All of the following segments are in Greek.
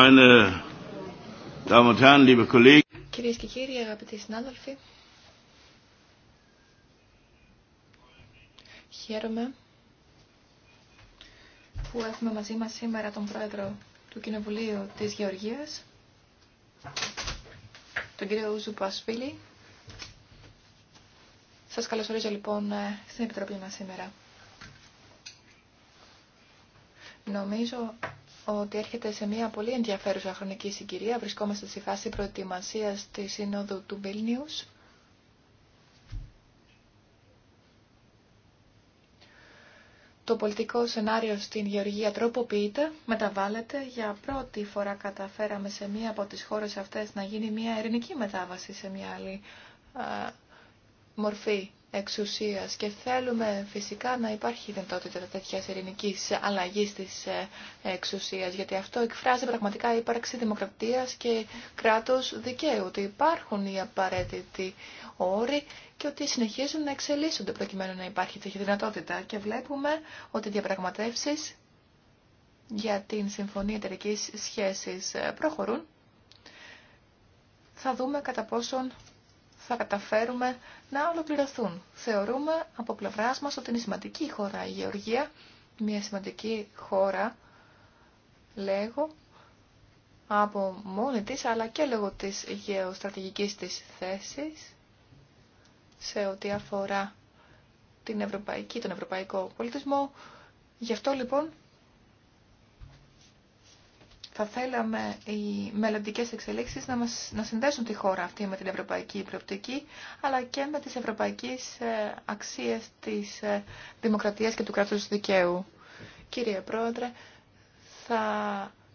Meine Damen und Herren, liebe Kollegen. Κυρίες και κύριοι, αγαπητοί συνάδελφοι, χαίρομαι που έχουμε μαζί μας σήμερα τον Πρόεδρο του Κοινοβουλίου της Γεωργίας, τον κύριο Ούζου Πασφίλη. Σας καλωσορίζω λοιπόν ε, στην Επιτροπή μας σήμερα. Νομίζω ότι έρχεται σε μια πολύ ενδιαφέρουσα χρονική συγκυρία. Βρισκόμαστε στη φάση προετοιμασίας της Σύνοδου του Vilnius. Το πολιτικό σενάριο στην Γεωργία τροποποιείται, μεταβάλλεται. Για πρώτη φορά καταφέραμε σε μία από τις χώρες αυτές να γίνει μία ειρηνική μετάβαση σε μία άλλη α, ε, μορφή εξουσίας και θέλουμε φυσικά να υπάρχει δυνατότητα τέτοια ειρηνική αλλαγή της ε, εξουσίας γιατί αυτό εκφράζει πραγματικά η ύπαρξη δημοκρατίας και κράτος δικαίου ότι υπάρχουν οι απαραίτητοι όροι και ότι συνεχίζουν να εξελίσσονται προκειμένου να υπάρχει τέτοια δυνατότητα και βλέπουμε ότι οι διαπραγματεύσεις για την Συμφωνία Εταιρική σχέση ε, προχωρούν. Θα δούμε κατά πόσον θα καταφέρουμε να ολοκληρωθούν. Θεωρούμε από πλευρά μα ότι είναι σημαντική χώρα η Γεωργία, μια σημαντική χώρα, λέγω, από μόνη της, αλλά και λόγω της γεωστρατηγικής της θέσης, σε ό,τι αφορά την ευρωπαϊκή, τον ευρωπαϊκό πολιτισμό. Γι' αυτό λοιπόν θα θέλαμε οι μελλοντικές εξελίξεις να, μας, να συνδέσουν τη χώρα αυτή με την ευρωπαϊκή προοπτική, αλλά και με τις ευρωπαϊκές ε, αξίες της ε, δημοκρατίας και του κράτους δικαίου. Κύριε Πρόεδρε, θα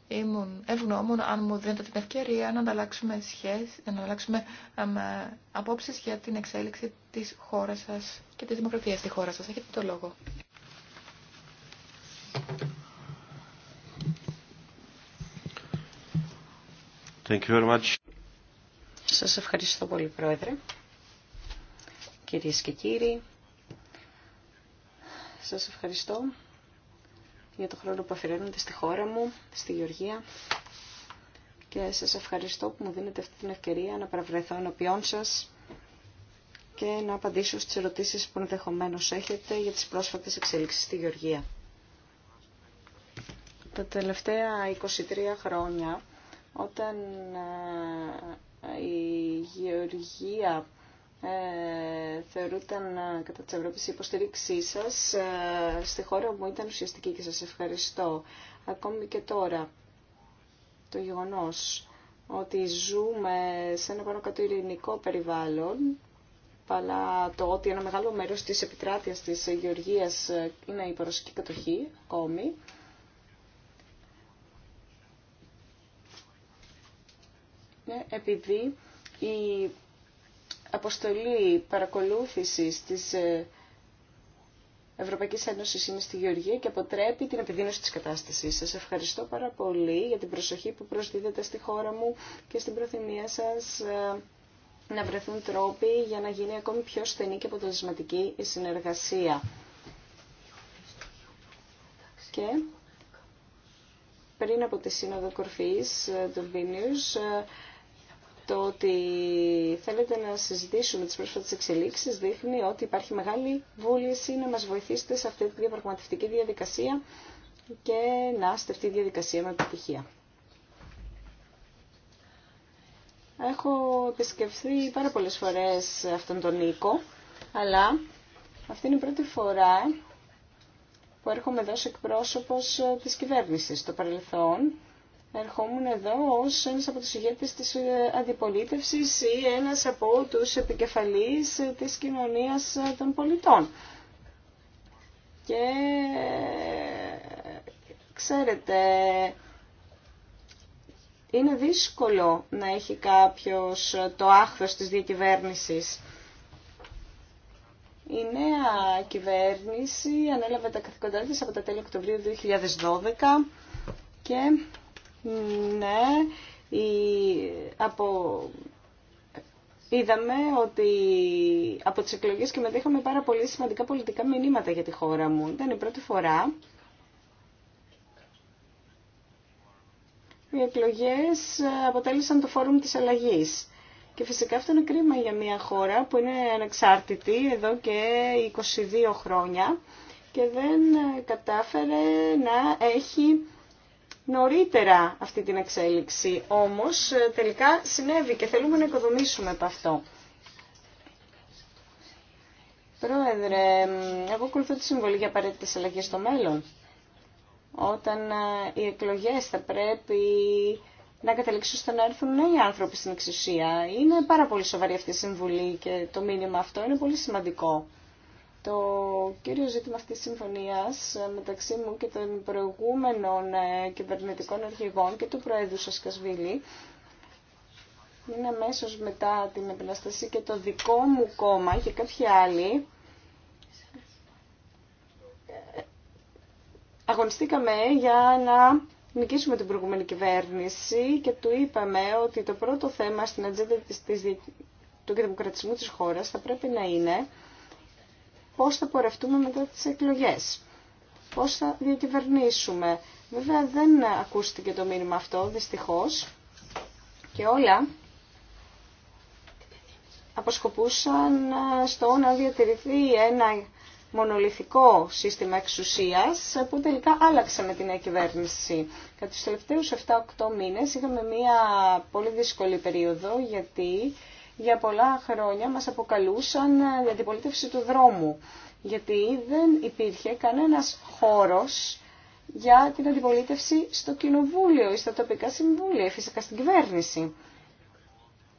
ήμουν ευγνώμων αν μου δίνετε την ευκαιρία να ανταλλάξουμε, σχέσεις, να αλλάξουμε ε, απόψεις για την εξέλιξη της χώρας σας και της δημοκρατίας στη χώρα σας. Έχετε το λόγο. Thank you very much. Σας ευχαριστώ πολύ, Πρόεδρε. Κυρίες και κύριοι, σας ευχαριστώ για το χρόνο που αφιερώνετε στη χώρα μου, στη Γεωργία και σας ευχαριστώ που μου δίνετε αυτή την ευκαιρία να παραβρεθώ ενώπιόν σας και να απαντήσω στις ερωτήσεις που ενδεχομένω έχετε για τις πρόσφατες εξέλιξεις στη Γεωργία. Τα τελευταία 23 χρόνια όταν ε, η γεωργία ε, θεωρούταν ε, κατά της Ευρώπης η υποστήριξή σας ε, στη χώρα μου ήταν ουσιαστική και σας ευχαριστώ. Ακόμη και τώρα το γεγονός ότι ζούμε σε ένα πάνω κάτω ειρηνικό περιβάλλον αλλά το ότι ένα μεγάλο μέρος της επιτράτειας της Γεωργίας είναι η παροσική κατοχή ακόμη Ναι, επειδή η αποστολή παρακολούθησης της ε, Ευρωπαϊκής Ένωσης είναι στη Γεωργία και αποτρέπει την επιδείνωση της κατάστασης. Σας ευχαριστώ πάρα πολύ για την προσοχή που προσδίδετε στη χώρα μου και στην προθυμία σας ε, να βρεθούν τρόποι για να γίνει ακόμη πιο στενή και αποτελεσματική η συνεργασία. Και πριν από τη Σύνοδο Κορφής ε, του Βίνιους, το ότι θέλετε να συζητήσουμε τις πρόσφατες εξελίξεις δείχνει ότι υπάρχει μεγάλη βούληση να μας βοηθήσετε σε αυτή τη διαπραγματευτική διαδικασία και να αυτή η διαδικασία με επιτυχία. Έχω επισκεφθεί πάρα πολλές φορές αυτόν τον Νίκο, αλλά αυτή είναι η πρώτη φορά που έρχομαι εδώ ως εκπρόσωπος της κυβέρνησης. Στο παρελθόν ερχόμουν εδώ ως ένας από τους ηγέτες της ε, αντιπολίτευσης ή ένας από τους επικεφαλείς της κοινωνίας ε, των πολιτών. Και ε, ξέρετε, είναι δύσκολο να έχει κάποιος το άχθος της διακυβέρνησης. Η νέα κυβέρνηση ανέλαβε επικεφαλής της από τα τέλη Οκτωβρίου 2012 και ναι, από Είδαμε ότι από τις εκλογές και μετά είχαμε πάρα πολύ σημαντικά πολιτικά μηνύματα για τη χώρα μου. Ήταν η πρώτη φορά οι εκλογές ε, αποτέλεσαν το φόρουμ της αλλαγής. Και φυσικά αυτό είναι κρίμα για μια χώρα που είναι ανεξάρτητη εδώ και 22 χρόνια και δεν ε, κατάφερε να έχει νωρίτερα αυτή την εξέλιξη. Όμως ε, τελικά συνέβη και θέλουμε να οικοδομήσουμε από αυτό. Πρόεδρε, εγώ ακολουθώ τη συμβολή για απαραίτητες αλλαγές στο μέλλον. Όταν ε, οι εκλογές θα πρέπει να καταλήξουν στο να έρθουν νέοι άνθρωποι στην εξουσία. Είναι πάρα πολύ σοβαρή αυτή η συμβουλή και το μήνυμα αυτό είναι πολύ σημαντικό. Το κύριο ζήτημα αυτής της συμφωνίας ε, μεταξύ μου και των προηγούμενων ε, κυβερνητικών αρχηγών και του Προέδρου Σασκασβίλη είναι αμέσω μετά την επαναστασία και το δικό μου κόμμα και κάποιοι άλλοι ε, αγωνιστήκαμε για να νικήσουμε την προηγούμενη κυβέρνηση και του είπαμε ότι το πρώτο θέμα στην ατζέντα του δημοκρατισμού της χώρας θα πρέπει να είναι πώς θα πορευτούμε μετά τις εκλογές, πώς θα διακυβερνήσουμε. Βέβαια δεν ακούστηκε το μήνυμα αυτό, δυστυχώς, και όλα αποσκοπούσαν ε, στο να διατηρηθεί ένα μονολυθικό σύστημα εξουσίας που τελικά άλλαξε με την νέα κυβέρνηση. Κατά τους τελευταίους 7-8 μήνες είχαμε μια πολύ δύσκολη περίοδο γιατί για πολλά χρόνια μας αποκαλούσαν την αντιπολίτευση του δρόμου, γιατί δεν υπήρχε κανένας χώρος για την αντιπολίτευση στο κοινοβούλιο ή στα τοπικά συμβούλια, φυσικά στην κυβέρνηση.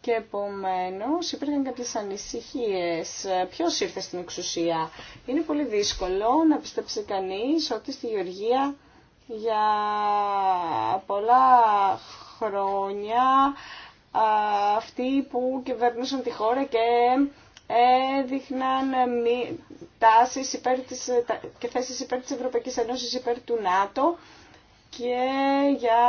Και επομένω υπήρχαν κάποιε ανησυχίε. Ποιο ήρθε στην εξουσία. Είναι πολύ δύσκολο να πιστέψει κανεί ότι στη Γεωργία για πολλά χρόνια αυτοί που κυβερνούσαν τη χώρα και έδειχναν τάσεις υπέρ της, και θέσεις υπέρ της Ευρωπαϊκής Ένωσης, υπέρ του ΝΑΤΟ και για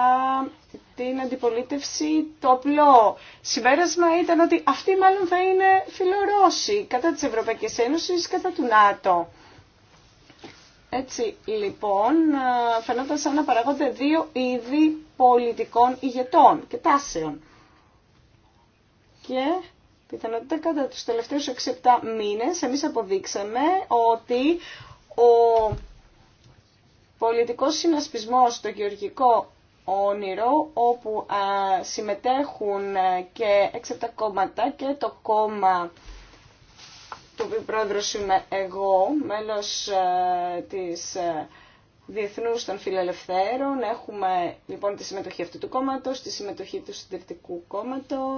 την αντιπολίτευση το απλό συμπέρασμα ήταν ότι αυτοί μάλλον θα είναι φιλορώσοι κατά της Ευρωπαϊκής Ένωσης, κατά του ΝΑΤΟ. Έτσι λοιπόν φαινόταν σαν να παραγόνται δύο είδη πολιτικών ηγετών και τάσεων και πιθανότητα κατά τους τελευταίους 6-7 μήνες εμείς αποδείξαμε ότι ο πολιτικός συνασπισμός στο γεωργικό όνειρο όπου συμμετέχουν ε, και 6-7 κόμματα και το κόμμα του οποίου πρόεδρος είμαι εγώ, μέλος ε, της ε, Διεθνού των φιλελευθέρων. Έχουμε λοιπόν τη συμμετοχή αυτού του κόμματο, τη συμμετοχή του συντηρητικού κόμματο,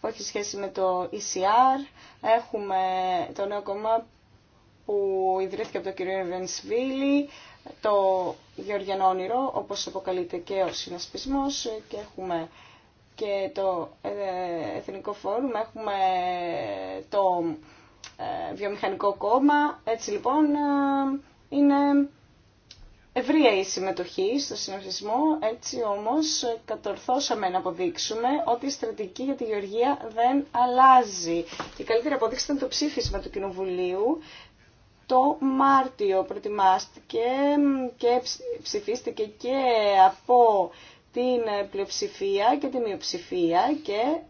όχι σχέση με το ECR. Έχουμε το νέο κόμμα που ιδρύθηκε από τον κύριο Βενσβίλη, το Γεωργιανό Όνειρο, όπως αποκαλείται και ο συνασπισμός, και έχουμε και το ε, Εθνικό Φόρουμ, έχουμε το ε, βιομηχανικό κόμμα. Έτσι λοιπόν ε, είναι ευρία η συμμετοχή στο συνοφισμό, έτσι όμως κατορθώσαμε να αποδείξουμε ότι η στρατηγική για τη Γεωργία δεν αλλάζει. Η καλύτερη αποδείξη ήταν το ψήφισμα του Κοινοβουλίου το Μάρτιο προετοιμάστηκε και ψηφίστηκε και από την πλειοψηφία και τη μειοψηφία και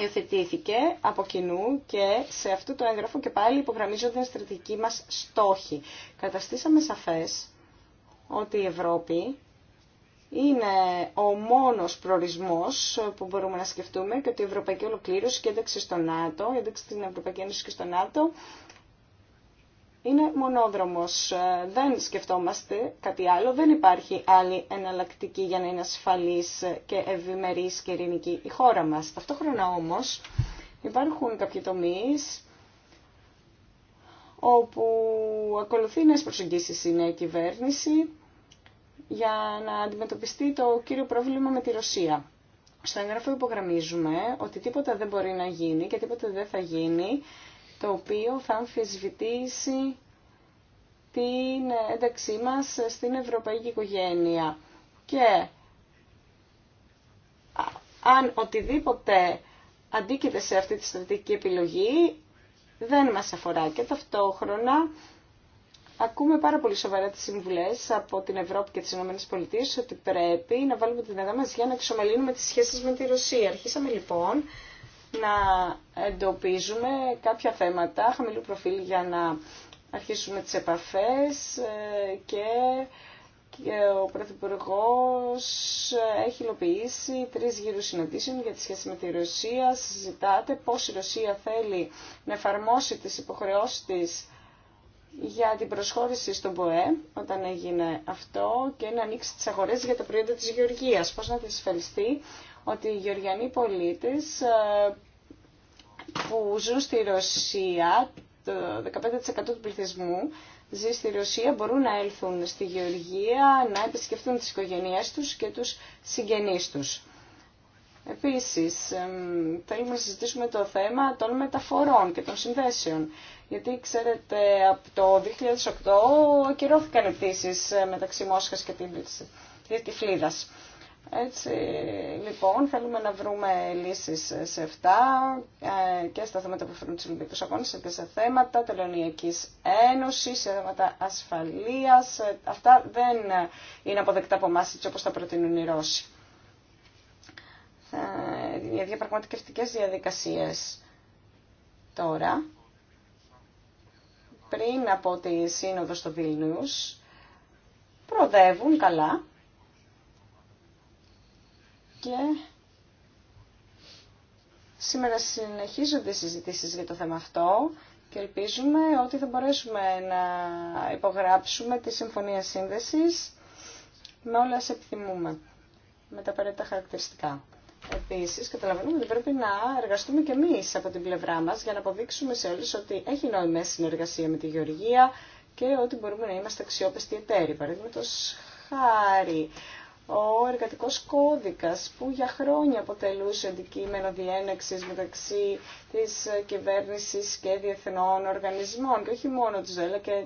υιοθετήθηκε από κοινού και σε αυτό το έγγραφο και πάλι υπογραμμίζονται οι στρατηγικοί μας στόχοι. Καταστήσαμε σαφές ότι η Ευρώπη είναι ο μόνος προορισμός που μπορούμε να σκεφτούμε και ότι η Ευρωπαϊκή Ολοκλήρωση και ένταξη στο ΝΑΤΟ, ένταξη στην Ευρωπαϊκή Ένωση και στο ΝΑΤΟ είναι μονόδρομος. Ε, δεν σκεφτόμαστε κάτι άλλο, δεν υπάρχει άλλη εναλλακτική για να είναι ασφαλής και ευημερής και ειρηνική η χώρα μας. Ταυτόχρονα όμως υπάρχουν κάποιοι τομείς όπου ακολουθεί νέες προσεγγίσεις η νέα κυβέρνηση για να αντιμετωπιστεί το κύριο πρόβλημα με τη Ρωσία. Στο έγγραφο υπογραμμίζουμε ότι τίποτα δεν μπορεί να γίνει και τίποτα δεν θα γίνει το οποίο θα αμφισβητήσει την ένταξή μας στην ευρωπαϊκή οικογένεια. Και αν οτιδήποτε αντίκειται σε αυτή τη στρατηγική επιλογή, δεν μας αφορά και ταυτόχρονα ακούμε πάρα πολύ σοβαρά τις συμβουλές από την Ευρώπη και τις ΗΠΑ ότι πρέπει να βάλουμε την δυνατά μας για να εξομαλύνουμε τις σχέσεις με τη Ρωσία. Αρχίσαμε λοιπόν να εντοπίζουμε κάποια θέματα χαμηλού προφίλ για να αρχίσουμε τις επαφές ε, και ο Πρωθυπουργό έχει υλοποιήσει τρει γύρου συναντήσεων για τη σχέση με τη Ρωσία. Συζητάτε πώ η Ρωσία θέλει να εφαρμόσει τι υποχρεώσει της για την προσχώρηση στον ΠΟΕ όταν έγινε αυτό και να ανοίξει τις αγορές για τα προϊόντα της Γεωργίας. Πώς να διασφαλιστεί ότι οι Γεωργιανοί πολίτες ε, που ζουν στη Ρωσία, το 15% του πληθυσμού ζει στη Ρωσία, μπορούν να έλθουν στη Γεωργία, να επισκεφτούν τις οικογένειές τους και τους συγγενείς τους. Επίσης, θέλουμε να συζητήσουμε το θέμα των μεταφορών και των συνδέσεων. Γιατί ξέρετε, από το 2008 ακυρώθηκαν οι ε, μεταξύ Μόσχας και Τυφλίδα. Έτσι, λοιπόν, θέλουμε να βρούμε λύσεις σε αυτά ε, και στα θέματα που φέρνουν τους Ολυμπιακούς Αγώνες και σε θέματα τελωνιακής ένωσης, σε θέματα ασφαλείας. Ε, αυτά δεν είναι αποδεκτά από εμάς έτσι όπως τα προτείνουν οι Ρώσοι. Για διαπραγματευτικέ διαδικασίες τώρα πριν από τη σύνοδο στο Βίλνιους προοδεύουν καλά και σήμερα συνεχίζονται οι συζητήσεις για το θέμα αυτό και ελπίζουμε ότι θα μπορέσουμε να υπογράψουμε τη Συμφωνία Σύνδεσης με όλα σε επιθυμούμε, με τα απαραίτητα χαρακτηριστικά. Επίση, καταλαβαίνουμε ότι πρέπει να εργαστούμε και εμεί από την πλευρά μα για να αποδείξουμε σε όλου ότι έχει νόημα συνεργασία με τη Γεωργία και ότι μπορούμε να είμαστε αξιόπιστοι εταίροι. Παραδείγματο χάρη, ο εργατικό κώδικα, που για χρόνια αποτελούσε αντικείμενο διένεξη μεταξύ τη κυβέρνηση και διεθνών οργανισμών και όχι μόνο του ΔΕΛΑ και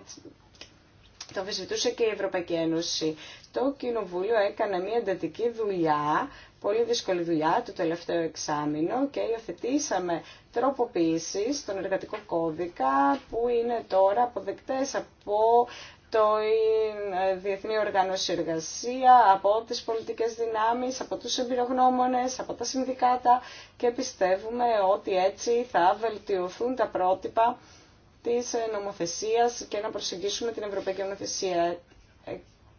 το αμφισβητούσε και η Ευρωπαϊκή Ένωση. Το Κοινοβούλιο έκανε μια εντατική δουλειά πολύ δύσκολη δουλειά το τελευταίο εξάμεινο και υιοθετήσαμε τροποποιήσεις στον εργατικό κώδικα που είναι τώρα αποδεκτές από το Διεθνή Οργάνωση Εργασία, από τις πολιτικές δυνάμεις, από τους εμπειρογνώμονες, από τα συνδικάτα και πιστεύουμε ότι έτσι θα βελτιωθούν τα πρότυπα της νομοθεσίας και να προσεγγίσουμε την Ευρωπαϊκή Νομοθεσία.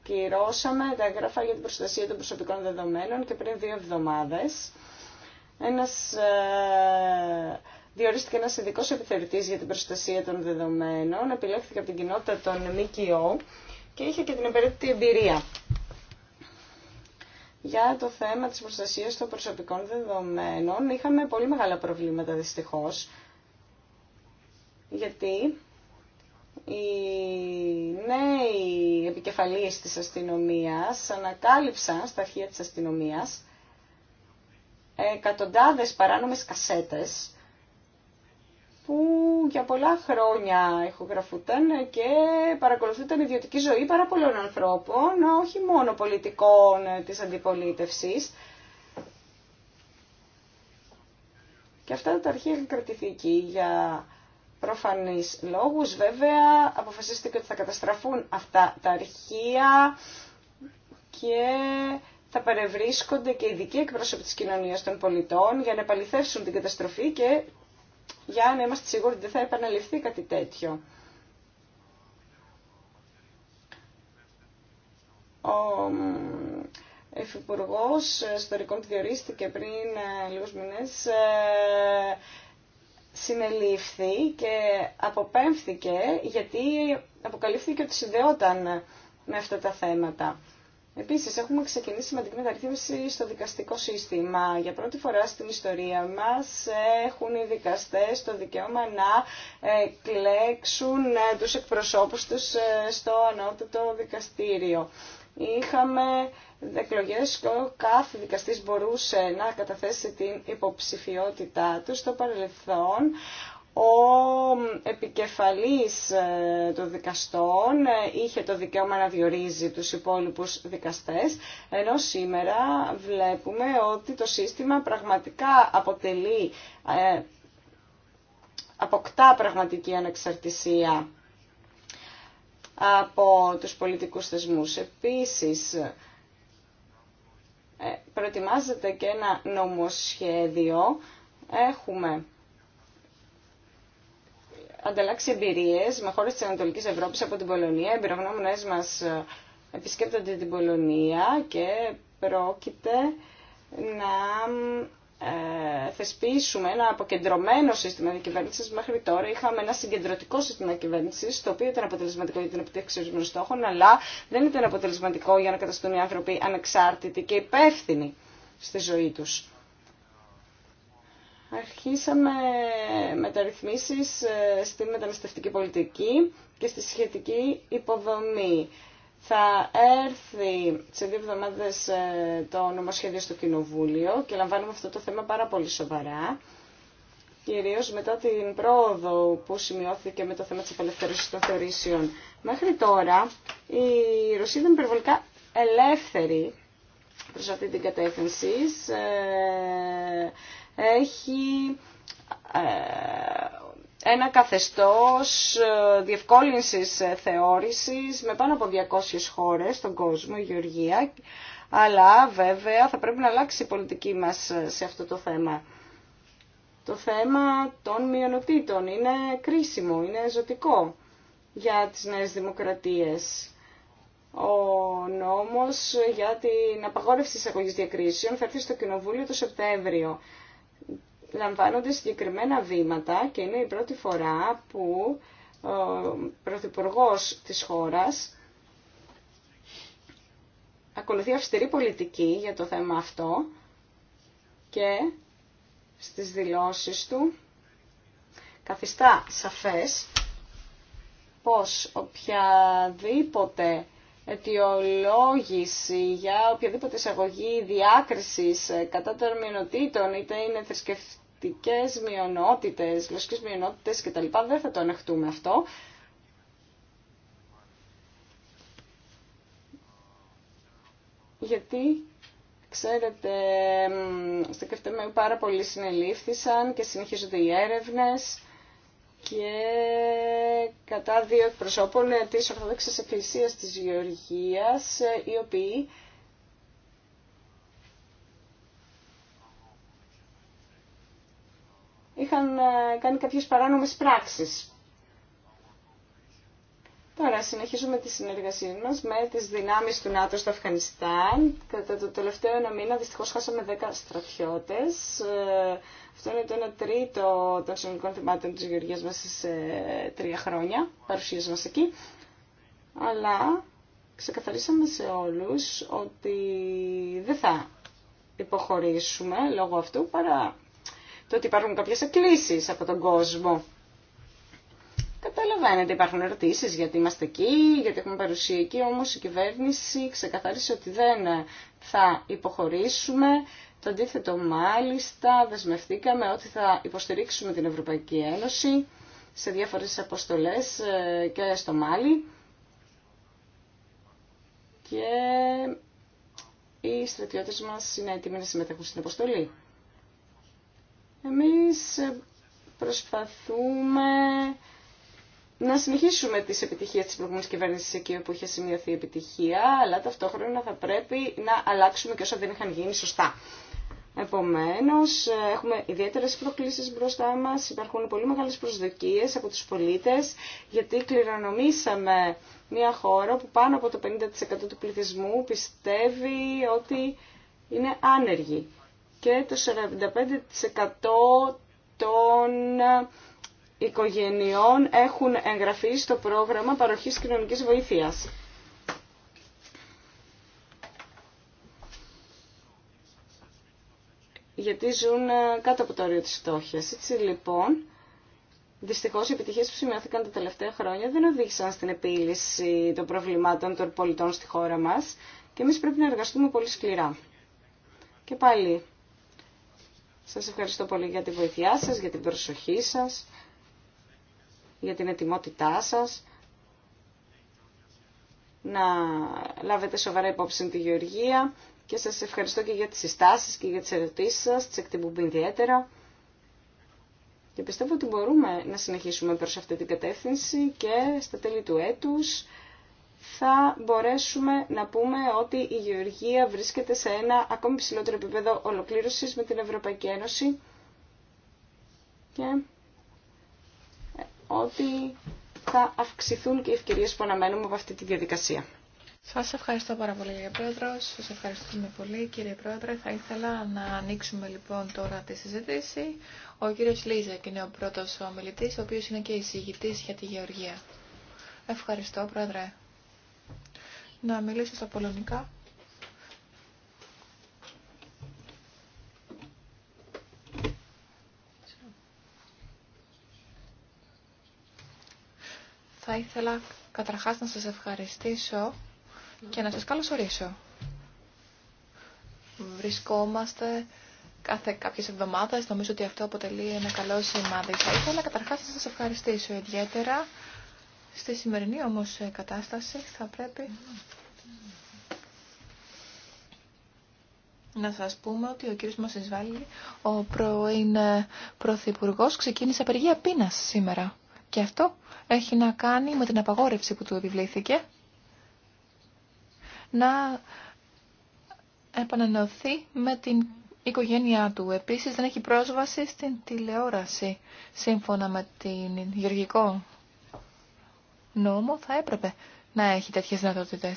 Κυρώσαμε τα έγγραφα για την προστασία των προσωπικών δεδομένων και πριν δύο εβδομάδες ένας, ε, διορίστηκε ένας ειδικό επιθεωρητής για την προστασία των δεδομένων, επιλέχθηκε από την κοινότητα των ΜΚΟ και είχε και την απαραίτητη εμπειρία για το θέμα της προστασίας των προσωπικών δεδομένων. Είχαμε πολύ μεγάλα προβλήματα δυστυχώς, γιατί οι νέοι επικεφαλής της αστυνομίας ανακάλυψαν στα αρχεία της αστυνομίας εκατοντάδες παράνομες κασέτες που για πολλά χρόνια ηχογραφούνταν και παρακολουθούνταν ιδιωτική ζωή πάρα πολλών ανθρώπων, όχι μόνο πολιτικών της αντιπολίτευσης. Και αυτά τα αρχεία έχουν για προφανείς λόγους. Βέβαια αποφασίστηκε ότι θα καταστραφούν αυτά τα αρχεία και θα παρευρίσκονται και ειδικοί εκπρόσωποι της κοινωνίας των πολιτών για να επαληθεύσουν την καταστροφή και για να είμαστε σίγουροι ότι δεν θα επαναληφθεί κάτι τέτοιο. Ο Υφυπουργό Ιστορικών που διορίστηκε πριν ε, λίγους μήνες ε, συνελήφθη και αποπέμφθηκε γιατί αποκαλύφθηκε ότι συνδεόταν με αυτά τα θέματα. Επίσης, έχουμε ξεκινήσει σημαντική μεταρρύθμιση στο δικαστικό σύστημα. Για πρώτη φορά στην ιστορία μας έχουν οι δικαστές το δικαίωμα να ε, κλέξουν ε, τους εκπροσώπους τους ε, στο ανώτατο δικαστήριο. Είχαμε εκλογέ ο κάθε δικαστής μπορούσε να καταθέσει την υποψηφιότητά του στο παρελθόν ο επικεφαλής ε, των δικαστών ε, είχε το δικαίωμα να διορίζει τους υπόλοιπους δικαστές, ενώ σήμερα βλέπουμε ότι το σύστημα πραγματικά αποτελεί, ε, αποκτά πραγματική ανεξαρτησία από τους πολιτικούς θεσμούς. Επίσης, ε, προετοιμάζεται και ένα νομοσχέδιο. Έχουμε ανταλλάξει εμπειρίε με χώρε τη Ανατολική Ευρώπη από την Πολωνία. Οι εμπειρογνώμονε μα ε, επισκέπτονται την Πολωνία και πρόκειται να ε, θεσπίσουμε ένα αποκεντρωμένο σύστημα διακυβέρνηση. Μέχρι τώρα είχαμε ένα συγκεντρωτικό σύστημα διακυβέρνηση, το οποίο ήταν αποτελεσματικό για την επιτύχηση ορισμένων στόχων, αλλά δεν ήταν αποτελεσματικό για να καταστούν οι άνθρωποι ανεξάρτητοι και υπεύθυνοι στη ζωή του. Αρχίσαμε μεταρρυθμίσεις ε, στη μεταναστευτική πολιτική και στη σχετική υποδομή θα έρθει σε δύο εβδομάδες ε, το νομοσχέδιο στο Κοινοβούλιο και λαμβάνουμε αυτό το θέμα πάρα πολύ σοβαρά. Κυρίω μετά την πρόοδο που σημειώθηκε με το θέμα της απελευθέρωσης των θεωρήσεων. Μέχρι τώρα η Ρωσία ήταν υπερβολικά ελεύθερη προς αυτή την κατεύθυνση. Ε, έχει ε, ένα καθεστώς ε, διευκόλυνσης ε, θεώρησης με πάνω από 200 χώρες στον κόσμο, η Γεωργία, αλλά βέβαια θα πρέπει να αλλάξει η πολιτική μας ε, σε αυτό το θέμα. Το θέμα των μειονοτήτων είναι κρίσιμο, είναι ζωτικό για τις νέες δημοκρατίες. Ο νόμος για την απαγόρευση εισαγωγής διακρίσεων θα έρθει στο Κοινοβούλιο το Σεπτέμβριο λαμβάνονται συγκεκριμένα βήματα και είναι η πρώτη φορά που ο Πρωθυπουργός της χώρας ακολουθεί αυστηρή πολιτική για το θέμα αυτό και στις δηλώσεις του καθιστά σαφές πως οποιαδήποτε αιτιολόγηση για οποιαδήποτε εισαγωγή διάκρισης κατά των μειονοτήτων, είτε είναι θρησκευτική πολιτικές μειονότητες, γλωσσικές μειονότητες λοιπά Δεν θα το ανεχτούμε αυτό. Γιατί, ξέρετε, στο Κεφτεμέου πάρα πολλοί συνελήφθησαν και συνεχίζονται οι έρευνες και κατά δύο εκπροσώπων της Ορθόδοξης Εκκλησίας της Γεωργίας, οι οποίοι είχαν ε, κάνει κάποιες παράνομες πράξεις. Τώρα συνεχίζουμε τη συνεργασία μας με τις δυνάμεις του ΝΑΤΟ στο Αφγανιστάν. Κατά το τελευταίο ένα μήνα δυστυχώς χάσαμε 10 στρατιώτες. Ε, αυτό είναι το 1 τρίτο των συνολικών θυμάτων της Γεωργίας μας σε ε, τρία χρόνια, παρουσίας μας εκεί. Αλλά ξεκαθαρίσαμε σε όλους ότι δεν θα υποχωρήσουμε λόγω αυτού παρά το ότι υπάρχουν κάποιες εκκλήσεις από τον κόσμο. Καταλαβαίνετε, υπάρχουν ερωτήσεις γιατί είμαστε εκεί, γιατί έχουμε παρουσία εκεί, όμως η κυβέρνηση ξεκαθάρισε ότι δεν θα υποχωρήσουμε. Το αντίθετο μάλιστα δεσμευτήκαμε ότι θα υποστηρίξουμε την Ευρωπαϊκή Ένωση σε διάφορες αποστολές ε, και στο Μάλι. Και οι στρατιώτες μας είναι έτοιμοι να συμμετέχουν στην αποστολή. Εμείς προσπαθούμε να συνεχίσουμε τις επιτυχίες της προηγούμενης κυβέρνησης εκεί όπου είχε σημειωθεί επιτυχία, αλλά ταυτόχρονα θα πρέπει να αλλάξουμε και όσα δεν είχαν γίνει σωστά. Επομένως, έχουμε ιδιαίτερες προκλήσεις μπροστά μας, υπάρχουν πολύ μεγάλες προσδοκίες από τους πολίτες, γιατί κληρονομήσαμε μια χώρα που πάνω από το 50% του πληθυσμού πιστεύει ότι είναι άνεργη και το 45% των οικογενειών έχουν εγγραφεί στο πρόγραμμα παροχής κοινωνικής βοήθειας. γιατί ζουν ε, κάτω από το όριο της φτώχειας. Έτσι λοιπόν, δυστυχώς οι επιτυχίες που σημειώθηκαν τα τελευταία χρόνια δεν οδήγησαν στην επίλυση των προβλημάτων των πολιτών στη χώρα μας και εμείς πρέπει να εργαστούμε πολύ σκληρά. Και πάλι, σας ευχαριστώ πολύ για τη βοήθειά σας, για την προσοχή σας, για την ετοιμότητά σας να λάβετε σοβαρά υπόψη τη Γεωργία και σας ευχαριστώ και για τις συστάσεις και για τις ερωτήσεις σας, τις εκτιμούμε ιδιαίτερα. Και πιστεύω ότι μπορούμε να συνεχίσουμε προς αυτή την κατεύθυνση και στα τέλη του έτους θα μπορέσουμε να πούμε ότι η Γεωργία βρίσκεται σε ένα ακόμη ψηλότερο επίπεδο ολοκλήρωσης με την Ευρωπαϊκή Ένωση και ε, ότι θα αυξηθούν και οι ευκαιρίες που αναμένουμε από αυτή τη διαδικασία. Σας ευχαριστώ πάρα πολύ κύριε Πρόεδρο, σας ευχαριστούμε πολύ κύριε Πρόεδρε. Θα ήθελα να ανοίξουμε λοιπόν τώρα τη συζήτηση. Ο κύριος Λίζακ είναι ο πρώτος ομιλητής, ο οποίος είναι και εισηγητής για τη Γεωργία. Ευχαριστώ Πρόεδρε να μιλήσω στα πολωνικά. Θα ήθελα καταρχάς να σας ευχαριστήσω και να σας καλωσορίσω. Βρισκόμαστε κάθε κάποιες εβδομάδες, νομίζω ότι αυτό αποτελεί ένα καλό σημάδι. Θα ήθελα καταρχάς να σας ευχαριστήσω ιδιαίτερα Στη σημερινή όμως ε, κατάσταση θα πρέπει να σας πούμε ότι ο κύριος Μασισβάλλη, ο πρώην ε, πρωθυπουργός, ξεκίνησε απεργία πείνας σήμερα. Και αυτό έχει να κάνει με την απαγόρευση που του επιβλήθηκε να επανανεωθεί με την οικογένειά του. Επίσης δεν έχει πρόσβαση στην τηλεόραση, σύμφωνα με την γεωργικό νόμο θα έπρεπε να έχει τέτοιες δυνατότητε.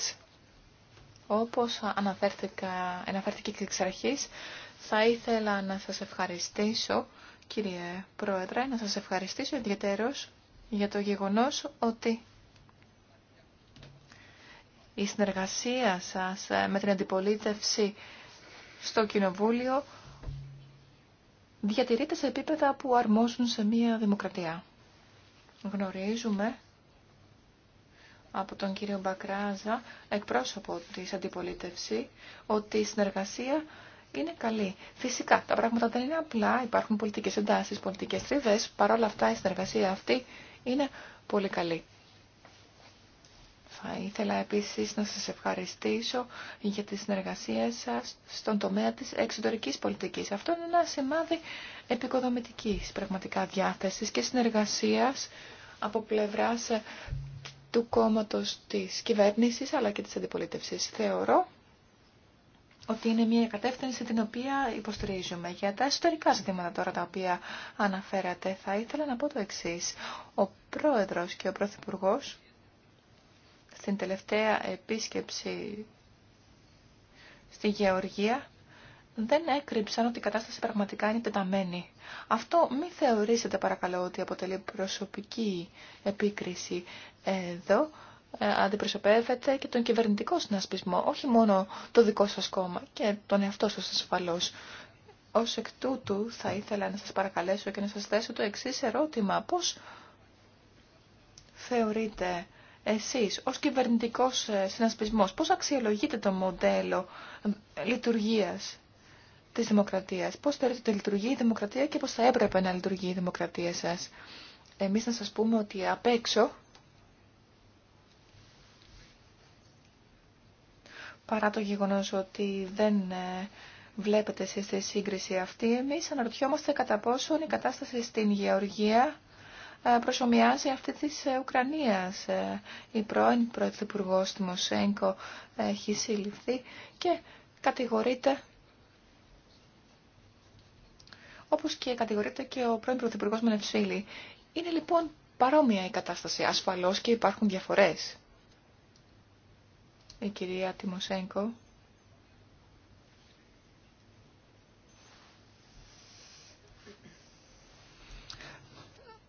Όπως αναφέρθηκε και εξ αρχής, θα ήθελα να σας ευχαριστήσω, κύριε Πρόεδρε, να σας ευχαριστήσω ιδιαίτερως για το γεγονός ότι η συνεργασία σας με την αντιπολίτευση στο Κοινοβούλιο διατηρείται σε επίπεδα που αρμόζουν σε μία δημοκρατία. Γνωρίζουμε από τον κύριο Μπακράζα, εκπρόσωπο της αντιπολίτευση, ότι η συνεργασία είναι καλή. Φυσικά, τα πράγματα δεν είναι απλά, υπάρχουν πολιτικές εντάσεις, πολιτικές τριβές, παρόλα αυτά η συνεργασία αυτή είναι πολύ καλή. Θα ήθελα επίσης να σας ευχαριστήσω για τη συνεργασία σας στον τομέα της εξωτερικής πολιτικής. Αυτό είναι ένα σημάδι επικοδομητικής πραγματικά διάθεσης και συνεργασίας από πλευράς του κόμματος της κυβέρνησης αλλά και της αντιπολίτευσης. Θεωρώ ότι είναι μια κατεύθυνση την οποία υποστηρίζουμε. Για τα ιστορικά ζητήματα τώρα τα οποία αναφέρατε θα ήθελα να πω το εξή. Ο πρόεδρος και ο πρωθυπουργό στην τελευταία επίσκεψη στη Γεωργία δεν έκρυψαν ότι η κατάσταση πραγματικά είναι τεταμένη. Αυτό μη θεωρήσετε παρακαλώ ότι αποτελεί προσωπική επίκριση εδώ. Ε, Αντιπροσωπεύετε και τον κυβερνητικό συνασπισμό, όχι μόνο το δικό σας κόμμα και τον εαυτό σας ασφαλώς. Ως εκ τούτου θα ήθελα να σας παρακαλέσω και να σας θέσω το εξής ερώτημα. Πώς θεωρείτε εσείς ως κυβερνητικός ε, συνασπισμός, πώς αξιολογείτε το μοντέλο ε, λειτουργίας της δημοκρατίας. Πώς θέλετε ότι λειτουργεί η δημοκρατία και πώς θα έπρεπε να λειτουργεί η δημοκρατία σας. Εμείς να σας πούμε ότι απ' έξω, παρά το γεγονός ότι δεν ε, βλέπετε σε τη σύγκριση αυτή, εμείς αναρωτιόμαστε κατά πόσον η κατάσταση στην Γεωργία ε, προσωμιάζει αυτή της ε, Ουκρανίας. Η πρώην Πρωθυπουργός του Μοσέγκο έχει συλληφθεί και κατηγορείται Όπω και κατηγορείται και ο πρώην Πρωθυπουργός Μενετσίλη. Είναι λοιπόν παρόμοια η κατάσταση, ασφαλώς και υπάρχουν διαφορές. Η κυρία Τιμοσέγκο.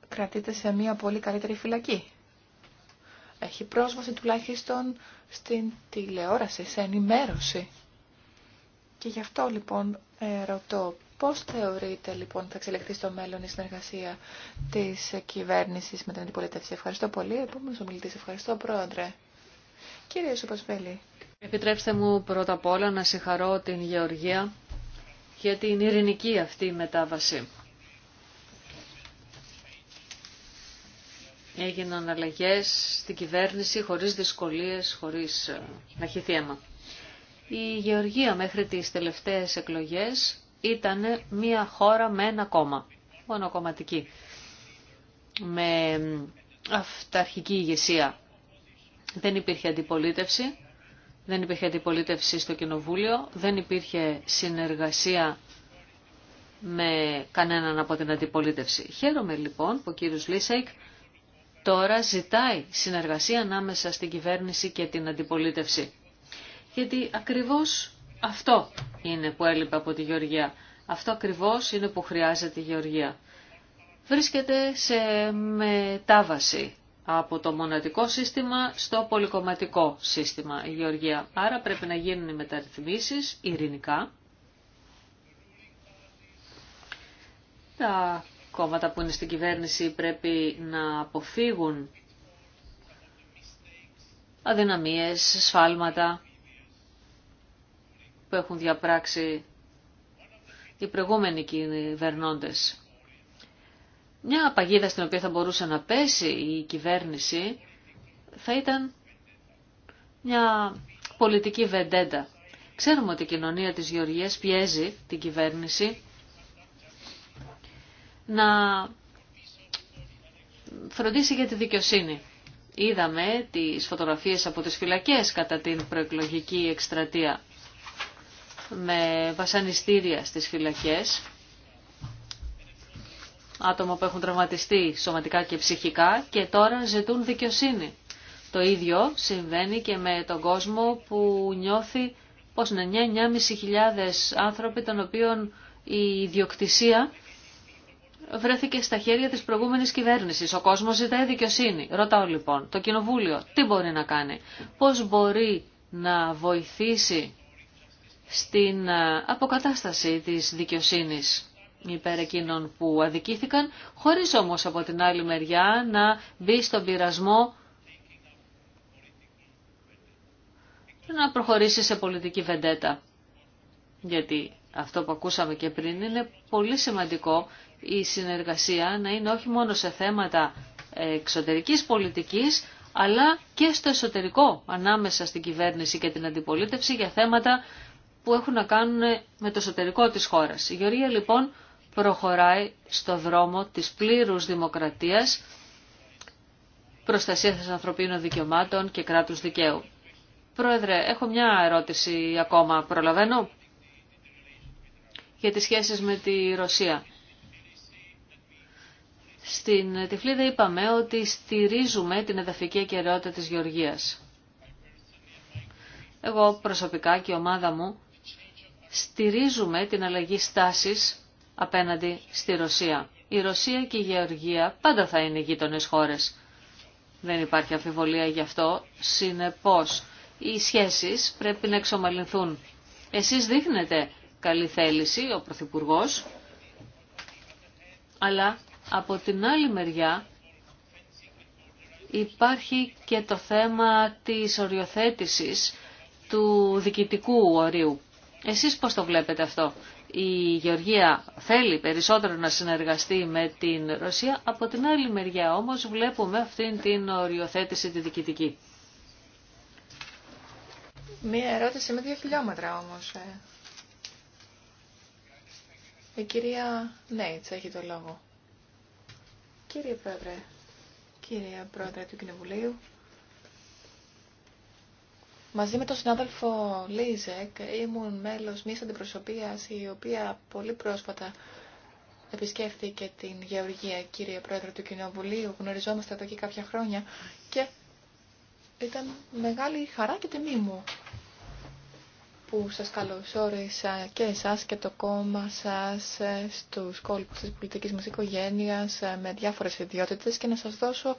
Κρατείται σε μια πολύ καλύτερη φυλακή. Έχει πρόσβαση τουλάχιστον στην τηλεόραση, σε ενημέρωση. Και γι' αυτό λοιπόν ρωτώ Πώς θεωρείτε λοιπόν θα εξελιχθεί στο μέλλον η συνεργασία της κυβέρνησης με την αντιπολίτευση. Ευχαριστώ πολύ. Επόμενος ομιλητής. Ευχαριστώ πρόεδρε. Κύριε Σουπασπέλη. Επιτρέψτε μου πρώτα απ' όλα να συγχαρώ την Γεωργία για την ειρηνική αυτή μετάβαση. Έγιναν αλλαγές στην κυβέρνηση χωρίς δυσκολίες, χωρίς ε, να Η Γεωργία μέχρι τις τελευταίες εκλογές ήταν μια χώρα με ένα κόμμα, μονοκομματική, με αυταρχική ηγεσία. Δεν υπήρχε αντιπολίτευση, δεν υπήρχε αντιπολίτευση στο κοινοβούλιο, δεν υπήρχε συνεργασία με κανέναν από την αντιπολίτευση. Χαίρομαι λοιπόν που ο κύριος Λίσεκ τώρα ζητάει συνεργασία ανάμεσα στην κυβέρνηση και την αντιπολίτευση. Γιατί ακριβώς αυτό είναι που έλειπε από τη Γεωργία. Αυτό ακριβώς είναι που χρειάζεται η Γεωργία. Βρίσκεται σε μετάβαση από το μοναδικό σύστημα στο πολυκομματικό σύστημα η Γεωργία. Άρα πρέπει να γίνουν οι μεταρρυθμίσεις ειρηνικά. Τα κόμματα που είναι στην κυβέρνηση πρέπει να αποφύγουν αδυναμίες, σφάλματα που έχουν διαπράξει οι προηγούμενοι κυβερνώντες. Μια παγίδα στην οποία θα μπορούσε να πέσει η κυβέρνηση θα ήταν μια πολιτική βεντέντα. Ξέρουμε ότι η κοινωνία της Γεωργίας πιέζει την κυβέρνηση να φροντίσει για τη δικαιοσύνη. Είδαμε τις φωτογραφίες από τις φυλακές κατά την προεκλογική εκστρατεία με βασανιστήρια στις φυλακές, άτομα που έχουν τραυματιστεί σωματικά και ψυχικά και τώρα ζητούν δικαιοσύνη. Το ίδιο συμβαίνει και με τον κόσμο που νιώθει πως ειναι 9-9.500 άνθρωποι των οποίων η ιδιοκτησία βρέθηκε στα χέρια της προηγούμενης κυβέρνησης. Ο κόσμος ζητάει δικαιοσύνη. Ρωτάω λοιπόν, το Κοινοβούλιο τι μπορεί να κάνει, πώς μπορεί να βοηθήσει στην ε, αποκατάσταση της δικαιοσύνης υπέρ εκείνων που αδικήθηκαν, χωρίς όμως από την άλλη μεριά να μπει στον πειρασμό να προχωρήσει σε πολιτική βεντέτα. Γιατί αυτό που ακούσαμε και πριν είναι πολύ σημαντικό η συνεργασία να είναι όχι μόνο σε θέματα εξωτερικής πολιτικής, αλλά και στο εσωτερικό ανάμεσα στην κυβέρνηση και την αντιπολίτευση για θέματα που έχουν να κάνουν με το εσωτερικό της χώρας. Η Γεωργία λοιπόν προχωράει στο δρόμο της πλήρους δημοκρατίας, προστασία ανθρωπίνων δικαιωμάτων και κράτους δικαίου. Πρόεδρε, έχω μια ερώτηση ακόμα, προλαβαίνω, για τις σχέσεις με τη Ρωσία. Στην Τυφλίδα είπαμε ότι στηρίζουμε την εδαφική ακεραιότητα της Γεωργίας. Εγώ προσωπικά και η ομάδα μου στηρίζουμε την αλλαγή στάσης απέναντι στη Ρωσία. Η Ρωσία και η Γεωργία πάντα θα είναι γείτονε χώρες. Δεν υπάρχει αφιβολία γι' αυτό. Συνεπώς, οι σχέσεις πρέπει να εξομαλυνθούν. Εσείς δείχνετε καλή θέληση, ο Πρωθυπουργό, αλλά από την άλλη μεριά υπάρχει και το θέμα της οριοθέτησης του διοικητικού ορίου. Εσείς πώς το βλέπετε αυτό. Η Γεωργία θέλει περισσότερο να συνεργαστεί με την Ρωσία, από την άλλη μεριά όμως βλέπουμε αυτήν την οριοθέτηση τη διοικητική. Μία ερώτηση με δύο χιλιόμετρα όμως. Ε. Η κυρία Νέιτς έχει το λόγο. Κύριε Πρόεδρε, κύριε Πρόεδρε του Κοινοβουλίου, Μαζί με τον συνάδελφο Λίζεκ ήμουν μέλος μιας αντιπροσωπείας η οποία πολύ πρόσφατα επισκέφθηκε την Γεωργία, κύριε πρόεδρο του Κοινοβουλίου. Γνωριζόμαστε εδώ και κάποια χρόνια και ήταν μεγάλη χαρά και τιμή μου που σας καλωσόρισα και εσάς και το κόμμα σας στους κόλπους της πολιτικής μας οικογένειας με διάφορες ιδιότητες και να σας δώσω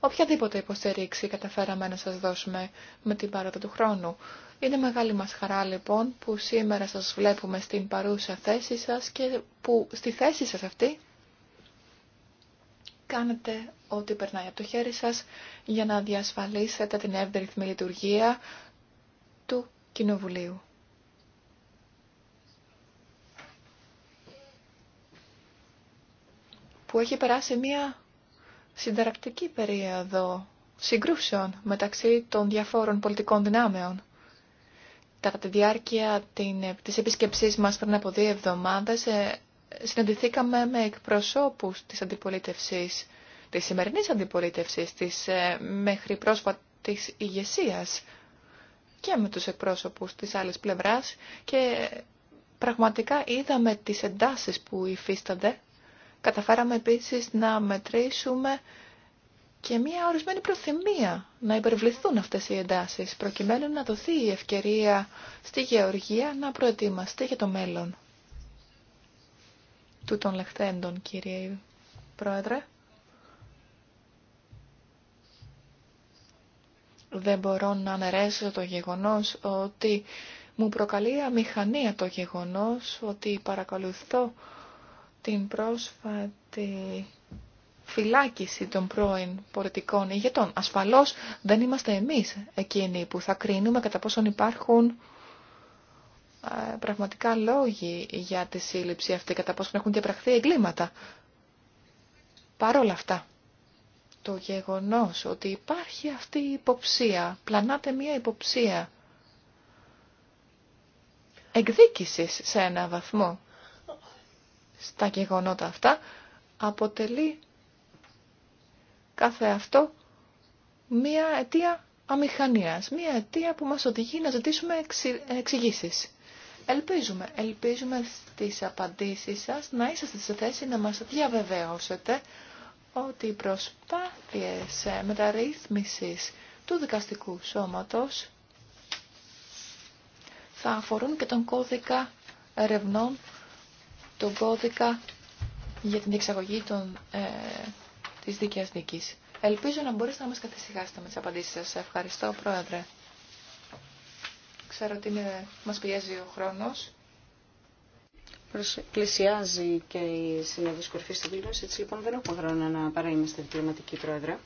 οποιαδήποτε υποστηρίξη καταφέραμε να σας δώσουμε με την παρόντα του χρόνου. Είναι μεγάλη μας χαρά λοιπόν που σήμερα σας βλέπουμε στην παρούσα θέση σας και που στη θέση σας αυτή κάνετε ό,τι περνάει από το χέρι σας για να διασφαλίσετε την εύρυθμη λειτουργία του Κοινοβουλίου. Που έχει περάσει μία συνταρακτική περίοδο συγκρούσεων μεταξύ των διαφόρων πολιτικών δυνάμεων. Κατά τη διάρκεια της επίσκεψής μας πριν από δύο εβδομάδες ε, συναντηθήκαμε με εκπροσώπους της αντιπολίτευσης, της σημερινής αντιπολίτευσης, της ε, μέχρι πρόσφατης ηγεσία και με τους εκπρόσωπους της άλλης πλευράς και πραγματικά είδαμε τις εντάσεις που υφίστανται Καταφέραμε επίσης να μετρήσουμε και μια ορισμένη προθυμία να υπερβληθούν αυτές οι εντάσεις, προκειμένου να δοθεί η ευκαιρία στη Γεωργία να προετοιμαστεί για το μέλλον. Του των λεχθέντων, κύριε Πρόεδρε. Δεν μπορώ να αναιρέσω το γεγονός ότι μου προκαλεί αμηχανία το γεγονός ότι παρακολουθώ την πρόσφατη φυλάκιση των πρώην πολιτικών ηγετών. Ασφαλώς δεν είμαστε εμείς εκείνοι που θα κρίνουμε κατά πόσον υπάρχουν ε, πραγματικά λόγοι για τη σύλληψη αυτή, κατά πόσον έχουν διαπραχθεί εγκλήματα. Παρόλα αυτά, το γεγονός ότι υπάρχει αυτή η υποψία, πλανάται μία υποψία εκδίκησης σε ένα βαθμό στα γεγονότα αυτά αποτελεί κάθε αυτό μία αιτία αμηχανίας, μία αιτία που μας οδηγεί να ζητήσουμε εξηγήσει. Ελπίζουμε, ελπίζουμε στις απαντήσεις σας να είσαστε σε θέση να μας διαβεβαιώσετε ότι οι προσπάθειες μεταρρύθμισης του δικαστικού σώματος θα αφορούν και τον κώδικα ερευνών τον κώδικα για την εξαγωγή των, ε, της δίκαιας δίκης. Ελπίζω να μπορείτε να μας καθησυχάσετε με τις απαντήσεις σας. Ευχαριστώ, Πρόεδρε. Ξέρω ότι μα μας πιέζει ο χρόνος. Πλησιάζει και η συνέδρια κορυφή στην έτσι λοιπόν δεν έχω χρόνο να παραείμε στην διπλωματική πρόεδρε.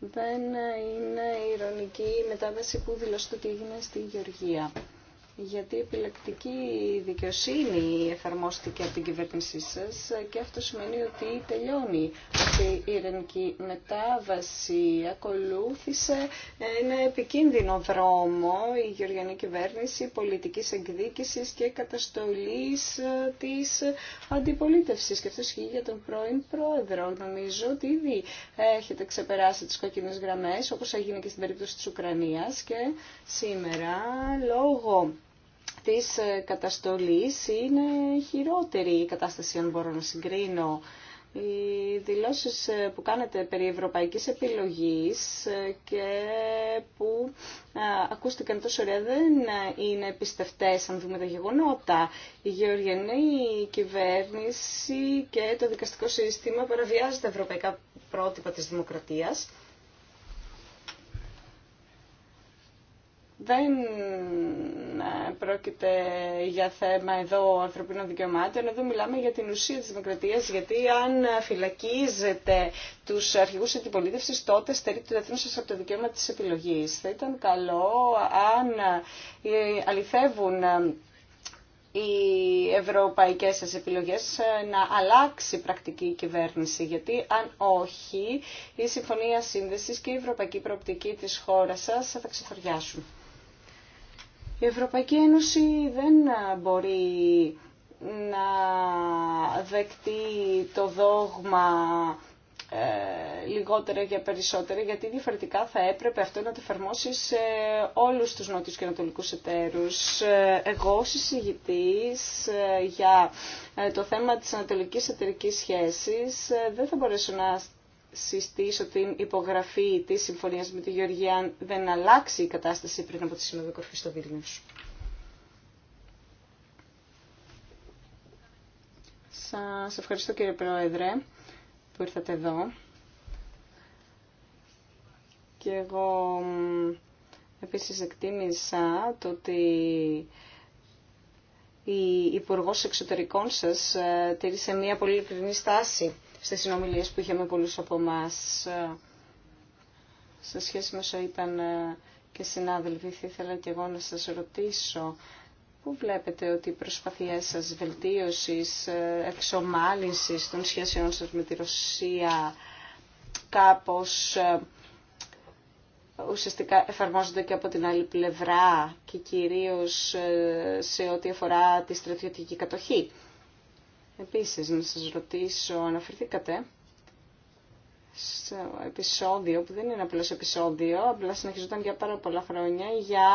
Δεν είναι ηρωνική η μετάβαση που δηλώσετε ότι έγινε στη Γεωργία γιατί η επιλεκτική δικαιοσύνη εφαρμόστηκε από την κυβέρνησή σας και αυτό σημαίνει ότι τελειώνει αυτή η ειρηνική μετάβαση. Ακολούθησε ένα επικίνδυνο δρόμο η γεωργιανή κυβέρνηση πολιτικής εκδίκησης και καταστολής της αντιπολίτευσης και αυτό ισχύει για τον πρώην πρόεδρο. Νομίζω ότι ήδη έχετε ξεπεράσει τις κόκκινες γραμμές όπως έγινε και στην περίπτωση της Ουκρανίας και σήμερα λόγω της ε, καταστολής είναι χειρότερη η κατάσταση αν μπορώ να συγκρίνω. Οι δηλώσεις ε, που κάνετε περί ευρωπαϊκής επιλογής ε, και που ακούστηκαν τόσο ωραία δεν είναι πιστευτές αν δούμε τα γεγονότα. Η γεωργιανή κυβέρνηση και το δικαστικό σύστημα παραβιάζει τα ευρωπαϊκά πρότυπα της δημοκρατίας. Δεν ε, πρόκειται για θέμα εδώ ανθρωπίνων δικαιωμάτων, εδώ μιλάμε για την ουσία της δημοκρατίας, γιατί αν φυλακίζετε τους αρχηγούς αντιπολίτευσης, τότε στερείτε το εθνό σας από το δικαίωμα της επιλογής. Θα ήταν καλό αν ε, αληθεύουν ε, οι ευρωπαϊκές σας επιλογές να αλλάξει πρακτική η κυβέρνηση, γιατί αν όχι, η Συμφωνία Σύνδεσης και η Ευρωπαϊκή Προοπτική της χώρας σας θα ξεφοριάσουν. Η Ευρωπαϊκή Ένωση δεν μπορεί να δεκτεί το δόγμα ε, λιγότερα για περισσότερα, γιατί διαφορετικά θα έπρεπε αυτό να το εφαρμόσει σε όλους τους νότιους και ανατολικούς εταίρους. Ε, εγώ, συζητητής ε, για ε, το θέμα της ανατολικής εταιρικής σχέσης, δεν θα μπορέσω να συστήσω την υπογραφή της συμφωνίας με τη Γεωργία αν δεν αλλάξει η κατάσταση πριν από τη Σύνοδο στο Βίλνιους. Σας ευχαριστώ κύριε Πρόεδρε που ήρθατε εδώ. Και εγώ επίσης εκτίμησα το ότι η Υπουργός Εξωτερικών σας ε, τήρησε μια πολύ ειλικρινή στάση στις συνομιλίες που είχε με πολλούς από εμά. Ε, σε σχέση με όσο είπαν ε, και συνάδελφοι, θα ήθελα και εγώ να σας ρωτήσω πού βλέπετε ότι οι προσπαθίες σας βελτίωσης, ε, εξομάλυνσης των σχέσεων σας με τη Ρωσία κάπως ουσιαστικά εφαρμόζονται και από την άλλη πλευρά και κυρίως σε ό,τι αφορά τη στρατιωτική κατοχή. Επίσης, να σας ρωτήσω, αναφερθήκατε σε επεισόδιο, που δεν είναι απλώς επεισόδιο, απλά συνεχιζόταν για πάρα πολλά χρόνια, για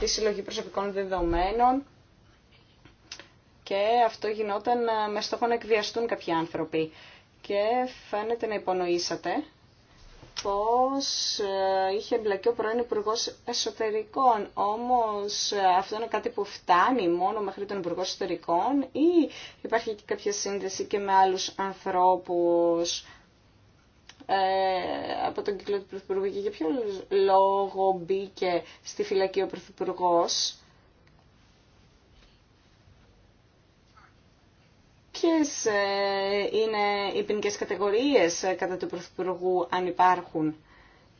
τη συλλογή προσωπικών δεδομένων και αυτό γινόταν ε, με στόχο να εκβιαστούν κάποιοι άνθρωποι. Και φαίνεται να υπονοήσατε πως ε, είχε εμπλακεί ο πρώην Υπουργό Εσωτερικών. Όμως ε, αυτό είναι κάτι που φτάνει μόνο μέχρι τον Υπουργό Εσωτερικών ή υπάρχει και κάποια σύνδεση και με άλλους ανθρώπους ε, από τον κύκλο του Πρωθυπουργού και για ποιο λόγο μπήκε στη φυλακή ο Πρωθυπουργός Ποιες ε, είναι οι ποινικέ κατηγορίες ε, κατά του Πρωθυπουργού αν υπάρχουν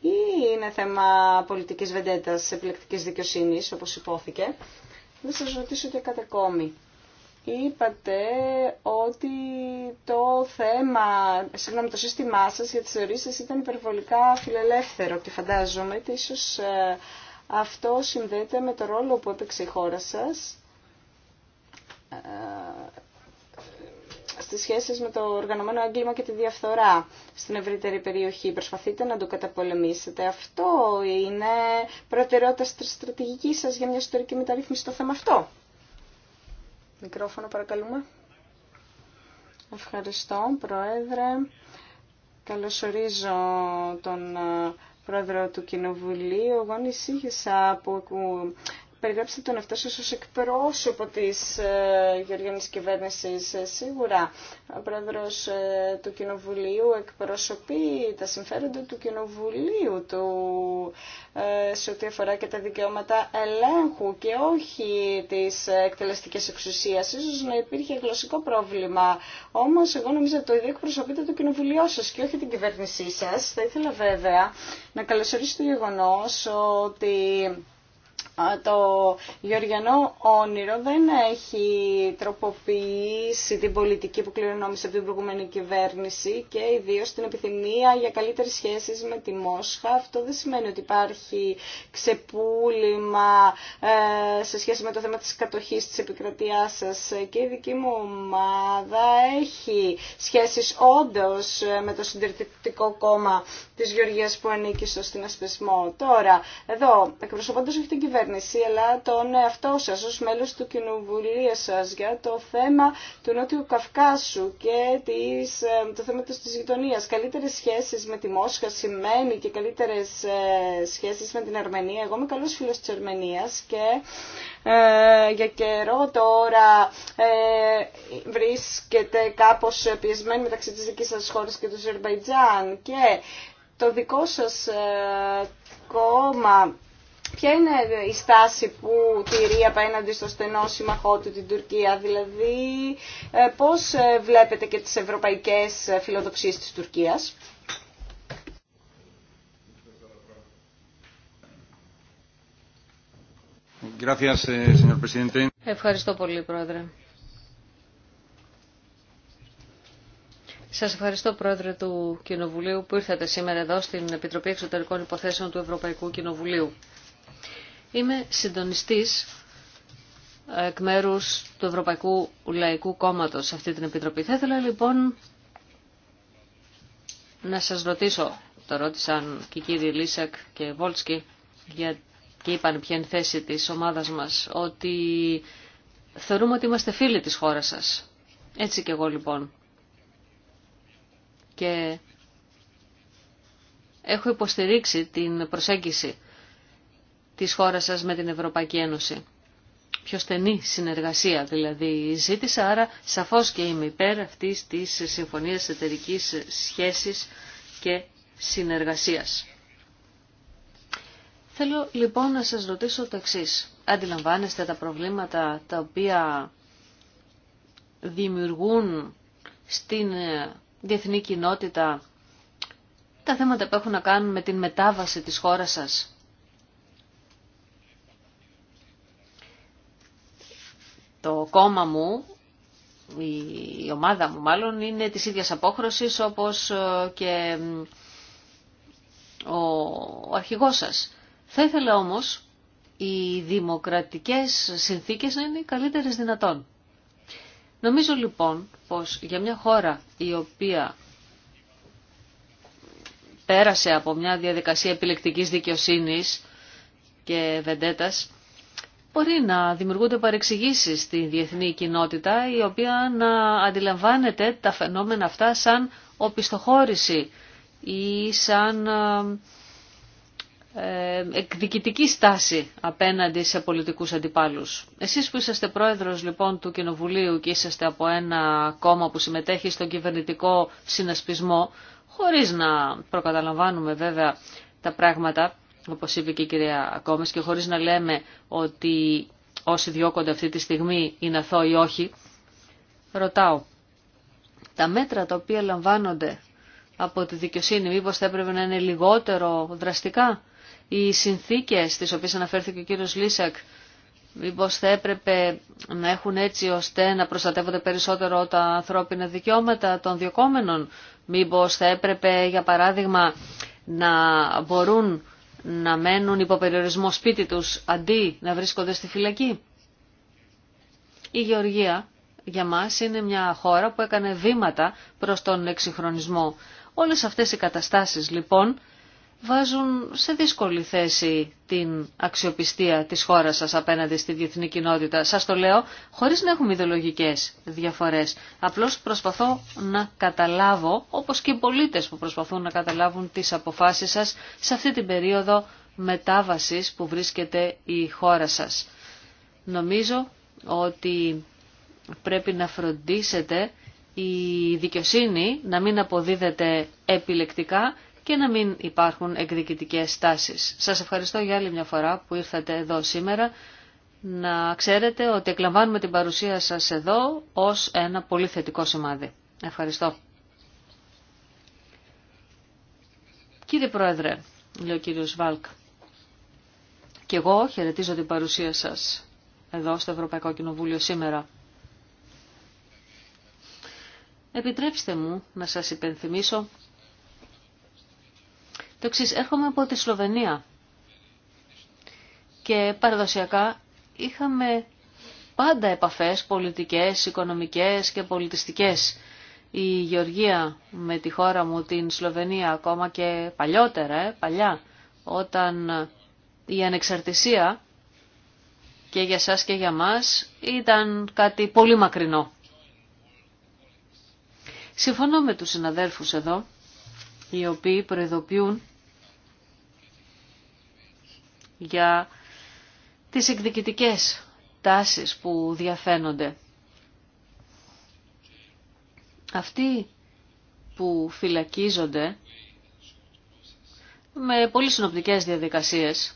ή είναι θέμα πολιτικής βεντέτας, επιλεκτικής δικαιοσύνης όπως υπόθηκε. Να σας ρωτήσω και κάτι ακόμη. Είπατε ότι το θέμα, συγγνώμη, το σύστημά σας για τις θεωρήσεις ήταν υπερβολικά φιλελεύθερο και φαντάζομαι ότι ίσως ε, αυτό συνδέεται με το ρόλο που έπαιξε η χώρα σας στις σχέσεις με το οργανωμένο έγκλημα και τη διαφθορά στην ευρύτερη περιοχή. Προσπαθείτε να το καταπολεμήσετε. Αυτό είναι προτεραιότητα στρατηγική σας για μια ιστορική μεταρρύθμιση στο θέμα αυτό. Μικρόφωνο παρακαλούμε. Ευχαριστώ, Πρόεδρε. Καλωσορίζω τον ε, Πρόεδρο του Κοινοβουλίου. Εγώ ανησύχησα που ε, περιγράψετε τον εαυτό σας ως εκπρόσωπο της ε, γεωργιανής κυβέρνησης. Ε, σίγουρα ο πρόεδρος ε, του Κοινοβουλίου εκπροσωπεί τα συμφέροντα του Κοινοβουλίου του σε ό,τι αφορά και τα δικαιώματα ελέγχου και όχι της εκτελεστικής εξουσίας. Ίσως να υπήρχε γλωσσικό πρόβλημα. Όμως εγώ νομίζω το ίδιο εκπροσωπείται το Κοινοβουλίο σας και όχι την κυβέρνησή σας. Θα ήθελα βέβαια να καλωσορίσω το γεγονό ότι το Γεωργιανό όνειρο δεν έχει τροποποιήσει την πολιτική που κληρονόμησε από την προηγούμενη κυβέρνηση και ιδίω την επιθυμία για καλύτερες σχέσεις με τη Μόσχα. Αυτό δεν σημαίνει ότι υπάρχει ξεπούλημα ε, σε σχέση με το θέμα της κατοχής της επικρατείας σας. Και η δική μου ομάδα έχει σχέσεις όντως με το συντηρητικό κόμμα Τη Γεωργία που ανήκει στο συνασπισμό. Τώρα, εδώ, εκπροσωπώντα όχι την κυβέρνηση, αλλά τον εαυτό σα ω μέλο του κοινοβουλίου σα για το θέμα του Νότιου Καυκάσου και της, ε, το θέμα τη γειτονία. Καλύτερε σχέσει με τη Μόσχα σημαίνει και καλύτερε ε, σχέσει με την Αρμενία. Εγώ είμαι καλό φίλο τη Αρμενία και ε, για καιρό τώρα ε, βρίσκεται κάπως πιεσμένη μεταξύ τη δική σας χώρα και του Ζερμπαϊτζάν και το δικό σας ε, κόμμα Ποια είναι η στάση που τηρεί απέναντι στο στενό συμμαχό του την Τουρκία, δηλαδή ε, πώς ε, βλέπετε και τις ευρωπαϊκές φιλοδοξίες της Τουρκίας. Eh, Ευχαριστώ πολύ, Πρόεδρε. Σας ευχαριστώ Πρόεδρε του Κοινοβουλίου που ήρθατε σήμερα εδώ στην Επιτροπή Εξωτερικών Υποθέσεων του Ευρωπαϊκού Κοινοβουλίου. Είμαι συντονιστής εκ μέρου του Ευρωπαϊκού Λαϊκού Κόμματος σε αυτή την Επιτροπή. Θα ήθελα λοιπόν να σας ρωτήσω, το ρώτησαν και οι κύριοι Λίσακ και Βόλτσκι για... και είπαν ποια είναι η θέση της ομάδας μας, ότι θεωρούμε ότι είμαστε φίλοι της χώρας σας. Έτσι και εγώ λοιπόν και έχω υποστηρίξει την προσέγγιση της χώρας σας με την Ευρωπαϊκή Ένωση. Πιο στενή συνεργασία δηλαδή ζήτησα, άρα σαφώς και είμαι υπέρ αυτής της συμφωνίας εταιρική σχέσης και συνεργασίας. Θέλω λοιπόν να σας ρωτήσω το εξής. Αντιλαμβάνεστε τα προβλήματα τα οποία δημιουργούν στην διεθνή κοινότητα τα θέματα που έχουν να κάνουν με την μετάβαση της χώρας σας. Το κόμμα μου, η ομάδα μου μάλλον, είναι της ίδιας απόχρωσης όπως ε, και ο αρχηγός σας. Θα ήθελα όμως οι δημοκρατικές συνθήκες να είναι οι καλύτερες δυνατόν. Νομίζω λοιπόν πως για μια χώρα η οποία πέρασε από μια διαδικασία επιλεκτικής δικαιοσύνης και βεντέτας, μπορεί να δημιουργούνται παρεξηγήσεις στη διεθνή κοινότητα η οποία να αντιλαμβάνεται τα φαινόμενα αυτά σαν οπισθοχώρηση ή σαν ε, ε, εκδικητική στάση απέναντι σε πολιτικούς αντιπάλους. Εσείς που είσαστε πρόεδρος λοιπόν του Κοινοβουλίου και είσαστε από ένα κόμμα που συμμετέχει στον κυβερνητικό συνασπισμό, χωρίς να προκαταλαμβάνουμε βέβαια τα πράγματα, όπως είπε και η κυρία Ακόμες, και χωρίς να λέμε ότι όσοι διώκονται αυτή τη στιγμή είναι αθώοι ή όχι, ρωτάω, τα μέτρα τα οποία λαμβάνονται από τη δικαιοσύνη μήπως θα έπρεπε να είναι λιγότερο δραστικά οι συνθήκες στις οποίες αναφέρθηκε ο κύριος Λίσακ μήπως θα έπρεπε να έχουν έτσι ώστε να προστατεύονται περισσότερο τα ανθρώπινα δικαιώματα των διοκόμενων μήπως θα έπρεπε για παράδειγμα να μπορούν να μένουν υπό περιορισμό σπίτι τους αντί να βρίσκονται στη φυλακή. Η Γεωργία για μας είναι μια χώρα που έκανε βήματα προς τον εξυγχρονισμό. Όλες αυτές οι καταστάσεις λοιπόν βάζουν σε δύσκολη θέση την αξιοπιστία της χώρας σας απέναντι στη διεθνή κοινότητα. Σας το λέω χωρίς να έχουμε ιδεολογικές διαφορές. Απλώς προσπαθώ να καταλάβω, όπως και οι πολίτες που προσπαθούν να καταλάβουν τις αποφάσεις σας σε αυτή την περίοδο μετάβασης που βρίσκεται η χώρα σας. Νομίζω ότι πρέπει να φροντίσετε η δικαιοσύνη να μην αποδίδεται επιλεκτικά και να μην υπάρχουν εκδικητικές στάσεις. Σας ευχαριστώ για άλλη μια φορά που ήρθατε εδώ σήμερα. Να ξέρετε ότι εκλαμβάνουμε την παρουσία σας εδώ ως ένα πολύ θετικό σημάδι. Ευχαριστώ. Κύριε Πρόεδρε, λέει ο κύριος Βάλκ, και εγώ χαιρετίζω την παρουσία σας εδώ στο Ευρωπαϊκό Κοινοβούλιο σήμερα. Επιτρέψτε μου να σας υπενθυμίσω το εξή, έρχομαι από τη Σλοβενία και παραδοσιακά είχαμε πάντα επαφές πολιτικές, οικονομικές και πολιτιστικές. Η Γεωργία με τη χώρα μου, την Σλοβενία, ακόμα και παλιότερα, ε, παλιά, όταν η ανεξαρτησία και για σας και για μας ήταν κάτι πολύ μακρινό. Συμφωνώ με τους συναδέλφους εδώ οι οποίοι προειδοποιούν για τις εκδικητικές τάσεις που διαφαίνονται. Αυτοί που φυλακίζονται με πολύ συνοπτικές διαδικασίες,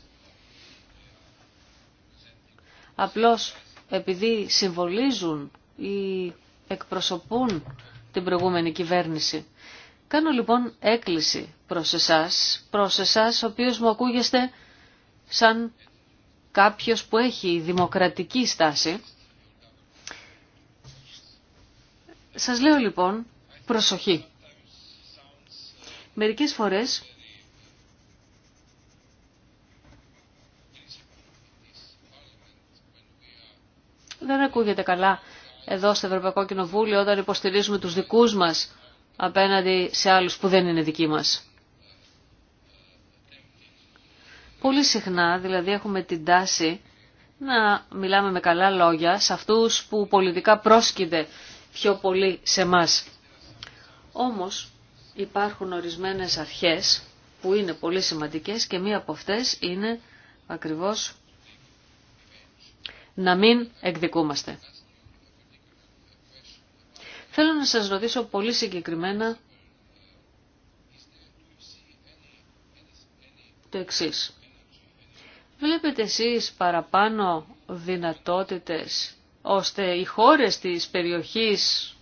απλώς επειδή συμβολίζουν ή εκπροσωπούν την προηγούμενη κυβέρνηση. Κάνω λοιπόν έκκληση προς εσάς, προς εσάς ο οποίος μου ακούγεστε σαν κάποιος που έχει δημοκρατική στάση. Σας λέω λοιπόν προσοχή. Μερικές φορές δεν ακούγεται καλά εδώ στο Ευρωπαϊκό Κοινοβούλιο όταν υποστηρίζουμε τους δικούς μας απέναντι σε άλλους που δεν είναι δικοί μας. Πολύ συχνά, δηλαδή, έχουμε την τάση να μιλάμε με καλά λόγια σε αυτούς που πολιτικά πρόσκειται πιο πολύ σε μας. Όμως υπάρχουν ορισμένες αρχές που είναι πολύ σημαντικές και μία από αυτές είναι ακριβώς να μην εκδικούμαστε. Θέλω να σας ρωτήσω πολύ συγκεκριμένα το εξής. Βλέπετε εσείς παραπάνω δυνατότητες ώστε οι χώρες της περιοχής,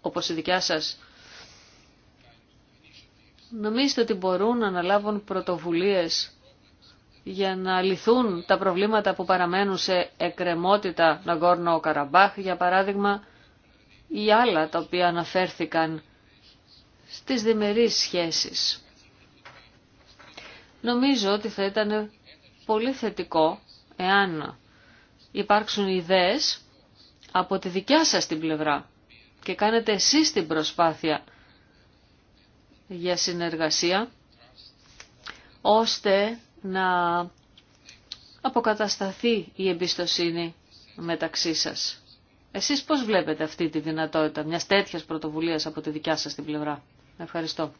όπως η δικιά σας, νομίζετε ότι μπορούν να αναλάβουν πρωτοβουλίες για να λυθούν τα προβλήματα που παραμένουν σε εκκρεμότητα ο Καραμπάχ, για παράδειγμα, ή άλλα τα οποία αναφέρθηκαν στις διμερείς σχέσεις. Νομίζω ότι θα ήταν πολύ θετικό εάν υπάρξουν ιδέες από τη δικιά σας την πλευρά και κάνετε εσείς την προσπάθεια για συνεργασία ώστε να αποκατασταθεί η εμπιστοσύνη μεταξύ σας. Εσείς πώς βλέπετε αυτή τη δυνατότητα μιας τέτοιας πρωτοβουλίας από τη δικιά σας την πλευρά. Ευχαριστώ.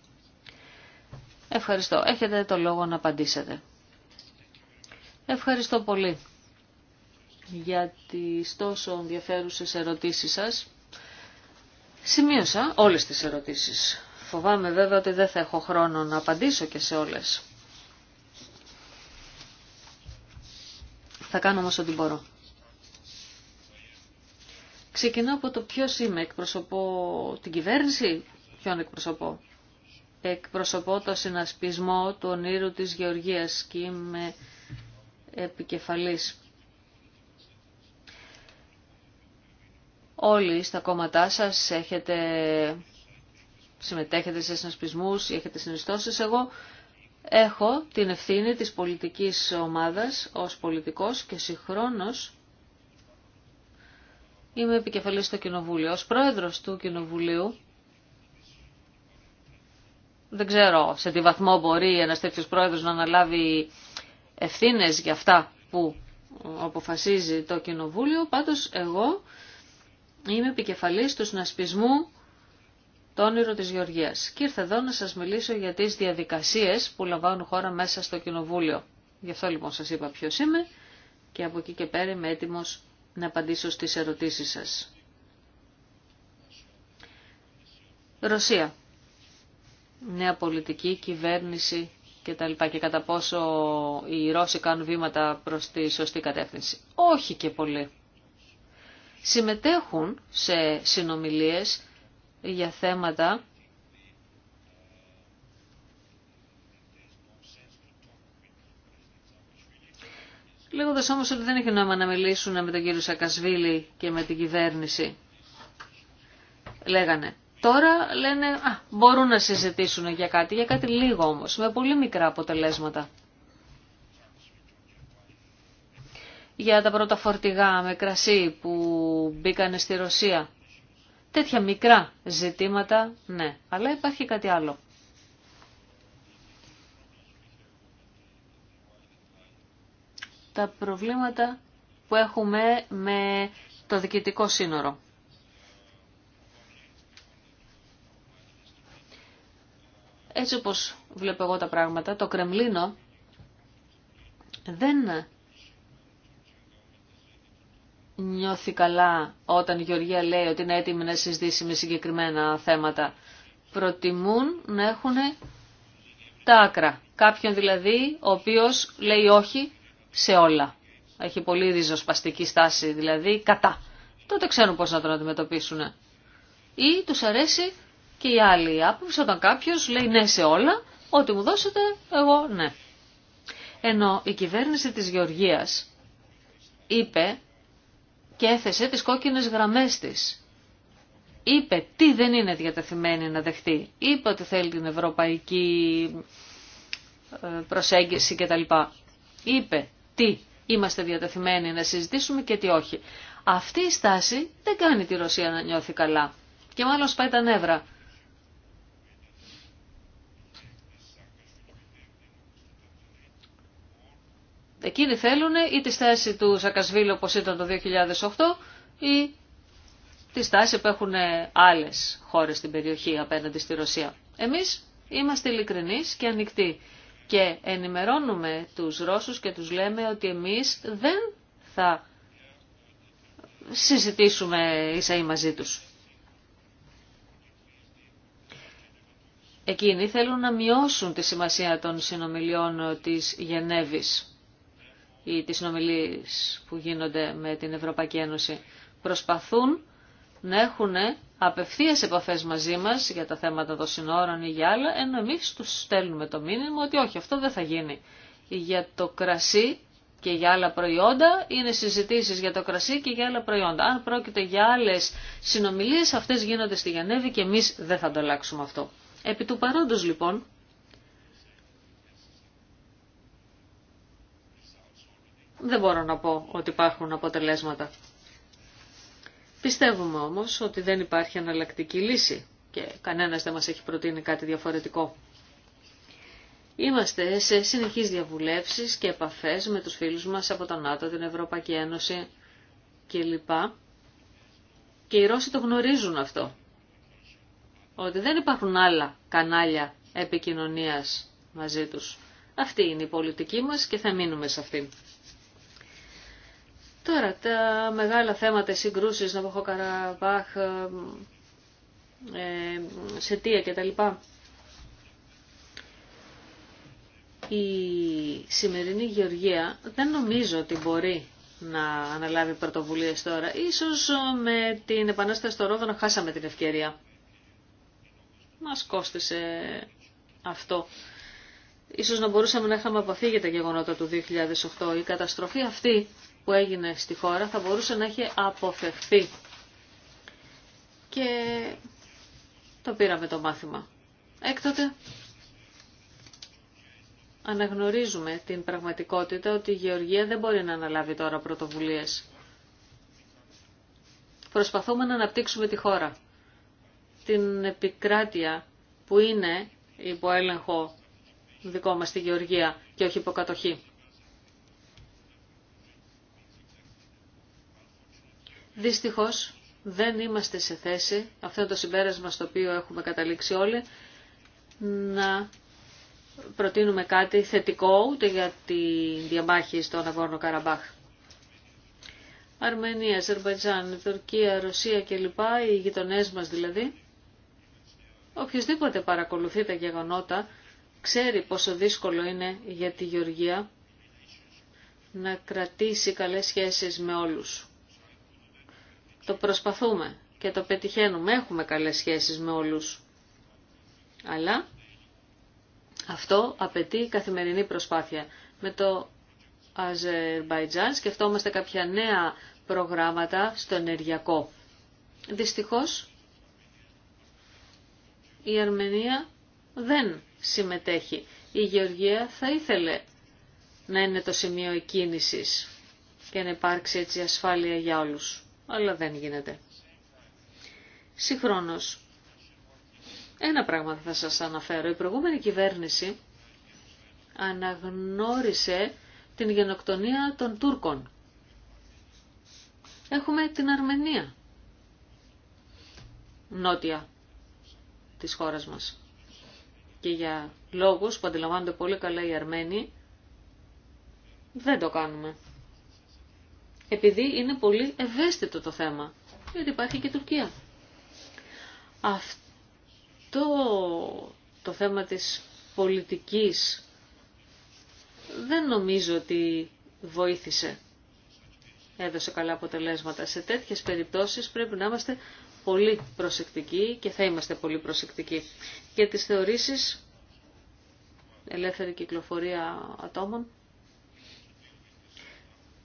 Ευχαριστώ. Έχετε το λόγο να απαντήσετε. Ευχαριστώ πολύ για τις τόσο ενδιαφέρουσες ερωτήσεις σας. Σημείωσα όλες τις ερωτήσεις. Φοβάμαι βέβαια ότι δεν θα έχω χρόνο να απαντήσω και σε όλες. Θα κάνω όμως ό,τι μπορώ. Ξεκινώ από το ποιο είμαι, εκπροσωπώ την κυβέρνηση, ποιον εκπροσωπώ. Εκπροσωπώ το συνασπισμό του ονείρου της Γεωργίας και είμαι επικεφαλής. Όλοι στα κόμματά σας έχετε, συμμετέχετε σε συνασπισμούς ή έχετε συνιστώσεις. Εγώ έχω την ευθύνη της πολιτικής ομάδας ως πολιτικός και συγχρόνως Είμαι επικεφαλής στο Κοινοβούλιο. Ως πρόεδρος του Κοινοβουλίου, δεν ξέρω σε τι βαθμό μπορεί ένας τέτοιος πρόεδρος να αναλάβει ευθύνες για αυτά που αποφασίζει το Κοινοβούλιο, πάντως εγώ είμαι επικεφαλής του συνασπισμού το όνειρο της Γεωργίας. Και ήρθα εδώ να σας μιλήσω για τις διαδικασίες που λαμβάνουν χώρα μέσα στο Κοινοβούλιο. Γι' αυτό λοιπόν σας είπα ποιος είμαι και από εκεί και πέρα είμαι έτοιμος να απαντήσω στις ερωτήσεις σας. Ρωσία. Νέα πολιτική, κυβέρνηση και τα λοιπά και κατά πόσο οι Ρώσοι κάνουν βήματα προς τη σωστή κατεύθυνση. Όχι και πολύ. Συμμετέχουν σε συνομιλίες για θέματα Λέγοντα όμω ότι δεν έχει νόημα να μιλήσουν με τον κύριο Σακασβίλη και με την κυβέρνηση. Λέγανε. Τώρα λένε, α, μπορούν να συζητήσουν για κάτι, για κάτι λίγο όμως, με πολύ μικρά αποτελέσματα. Για τα πρώτα φορτηγά με κρασί που μπήκανε στη Ρωσία. Τέτοια μικρά ζητήματα, ναι, αλλά υπάρχει κάτι άλλο. τα προβλήματα που έχουμε με το διοικητικό σύνορο. Έτσι όπως βλέπω εγώ τα πράγματα, το Κρεμλίνο δεν νιώθει καλά όταν η Γεωργία λέει ότι είναι έτοιμη να συζητήσει με συγκεκριμένα θέματα. Προτιμούν να έχουν τα άκρα. Κάποιον δηλαδή ο οποίος λέει όχι σε όλα. Έχει πολύ ριζοσπαστική στάση, δηλαδή κατά. Τότε ξέρουν πώς να τον αντιμετωπίσουν. Ή τους αρέσει και η άλλη άποψη όταν κάποιος λέει ναι σε όλα, ό,τι μου δώσετε εγώ ναι. Ενώ η κυβέρνηση της Γεωργίας είπε και έθεσε τις κόκκινες γραμμές της. Είπε τι δεν είναι διατεθειμένη να δεχτεί. Είπε ότι θέλει την ευρωπαϊκή ε, προσέγγιση κτλ. Είπε τι είμαστε διατεθειμένοι να συζητήσουμε και τι όχι. Αυτή η στάση δεν κάνει τη Ρωσία να νιώθει καλά και μάλλον σπάει τα νεύρα. Εκείνοι θέλουν ή τη στάση του Σακασβίλη όπως ήταν το 2008 ή τη στάση που έχουν άλλες χώρες στην περιοχή απέναντι στη Ρωσία. Εμείς είμαστε ειλικρινείς και ανοιχτοί και ενημερώνουμε τους Ρώσους και τους λέμε ότι εμείς δεν θα συζητήσουμε ίσα ή μαζί τους. Εκείνοι θέλουν να μειώσουν τη σημασία των συνομιλιών της Γενέβης ή της συνομιλίες που γίνονται με την Ευρωπαϊκή Ένωση. Προσπαθούν να έχουν απευθείας επαφές μαζί μας για τα θέματα των συνόρων ή για άλλα, ενώ εμείς τους στέλνουμε το μήνυμα ότι όχι, αυτό δεν θα γίνει. Για το κρασί και για άλλα προϊόντα είναι συζητήσεις για το κρασί και για άλλα προϊόντα. Αν πρόκειται για άλλες συνομιλίες, αυτές γίνονται στη Γενέβη και εμείς δεν θα το αλλάξουμε αυτό. Επί του παρόντος λοιπόν, δεν μπορώ να πω ότι υπάρχουν αποτελέσματα. Πιστεύουμε όμως ότι δεν υπάρχει αναλλακτική λύση και κανένας δεν μας έχει προτείνει κάτι διαφορετικό. Είμαστε σε συνεχείς διαβουλεύσεις και επαφές με τους φίλους μας από τον ΝΑΤΟ, την Ευρωπαϊκή Ένωση κλπ. Και οι Ρώσοι το γνωρίζουν αυτό. Ότι δεν υπάρχουν άλλα κανάλια επικοινωνίας μαζί τους. Αυτή είναι η πολιτική μας και θα μείνουμε σε αυτήν. Τώρα, τα μεγάλα θέματα, συγκρούσεις, να πω Καραμπάχ, ε, ε, Σετία κτλ. Η σημερινή Γεωργία δεν νομίζω ότι μπορεί να αναλάβει πρωτοβουλίες τώρα. Ίσως ε, με την επανάσταση στο Ρόδο να χάσαμε την ευκαιρία. Μας κόστισε αυτό. Ίσως να μπορούσαμε να είχαμε αποφύγει τα γεγονότα του 2008. Η καταστροφή αυτή που έγινε στη χώρα θα μπορούσε να έχει αποφευθεί. Και το πήραμε το μάθημα. Έκτοτε αναγνωρίζουμε την πραγματικότητα ότι η Γεωργία δεν μπορεί να αναλάβει τώρα πρωτοβουλίες. Προσπαθούμε να αναπτύξουμε τη χώρα. Την επικράτεια που είναι υπό έλεγχο δικό μας στη Γεωργία και όχι υποκατοχή. Δυστυχώς δεν είμαστε σε θέση, αυτό είναι το συμπέρασμα στο οποίο έχουμε καταλήξει όλοι, να προτείνουμε κάτι θετικό ούτε για τη διαμάχη στον Αγόρνο Καραμπάχ. Αρμενία, Αζερβαϊτζάν, Τουρκία, Ρωσία κλπ. Οι γειτονέ μας δηλαδή. οποιοδήποτε παρακολουθεί τα γεγονότα ξέρει πόσο δύσκολο είναι για τη Γεωργία να κρατήσει καλές σχέσεις με όλους. Το προσπαθούμε και το πετυχαίνουμε. Έχουμε καλές σχέσεις με όλους. Αλλά αυτό απαιτεί καθημερινή προσπάθεια. Με το Αζερμπαϊτζάν σκεφτόμαστε κάποια νέα προγράμματα στο ενεργειακό. Δυστυχώς η Αρμενία δεν συμμετέχει. Η Γεωργία θα ήθελε να είναι το σημείο εκκίνησης και να υπάρξει έτσι ασφάλεια για όλους αλλά δεν γίνεται. Συγχρόνως, ένα πράγμα θα σας αναφέρω. Η προηγούμενη κυβέρνηση αναγνώρισε την γενοκτονία των Τούρκων. Έχουμε την Αρμενία, νότια της χώρας μας. Και για λόγους που αντιλαμβάνονται πολύ καλά οι Αρμένοι, δεν το κάνουμε επειδή είναι πολύ ευαίσθητο το θέμα, γιατί υπάρχει και η Τουρκία. Αυτό το θέμα της πολιτικής δεν νομίζω ότι βοήθησε. Έδωσε καλά αποτελέσματα. Σε τέτοιες περιπτώσεις πρέπει να είμαστε πολύ προσεκτικοί και θα είμαστε πολύ προσεκτικοί. Και τις θεωρήσεις ελεύθερη κυκλοφορία ατόμων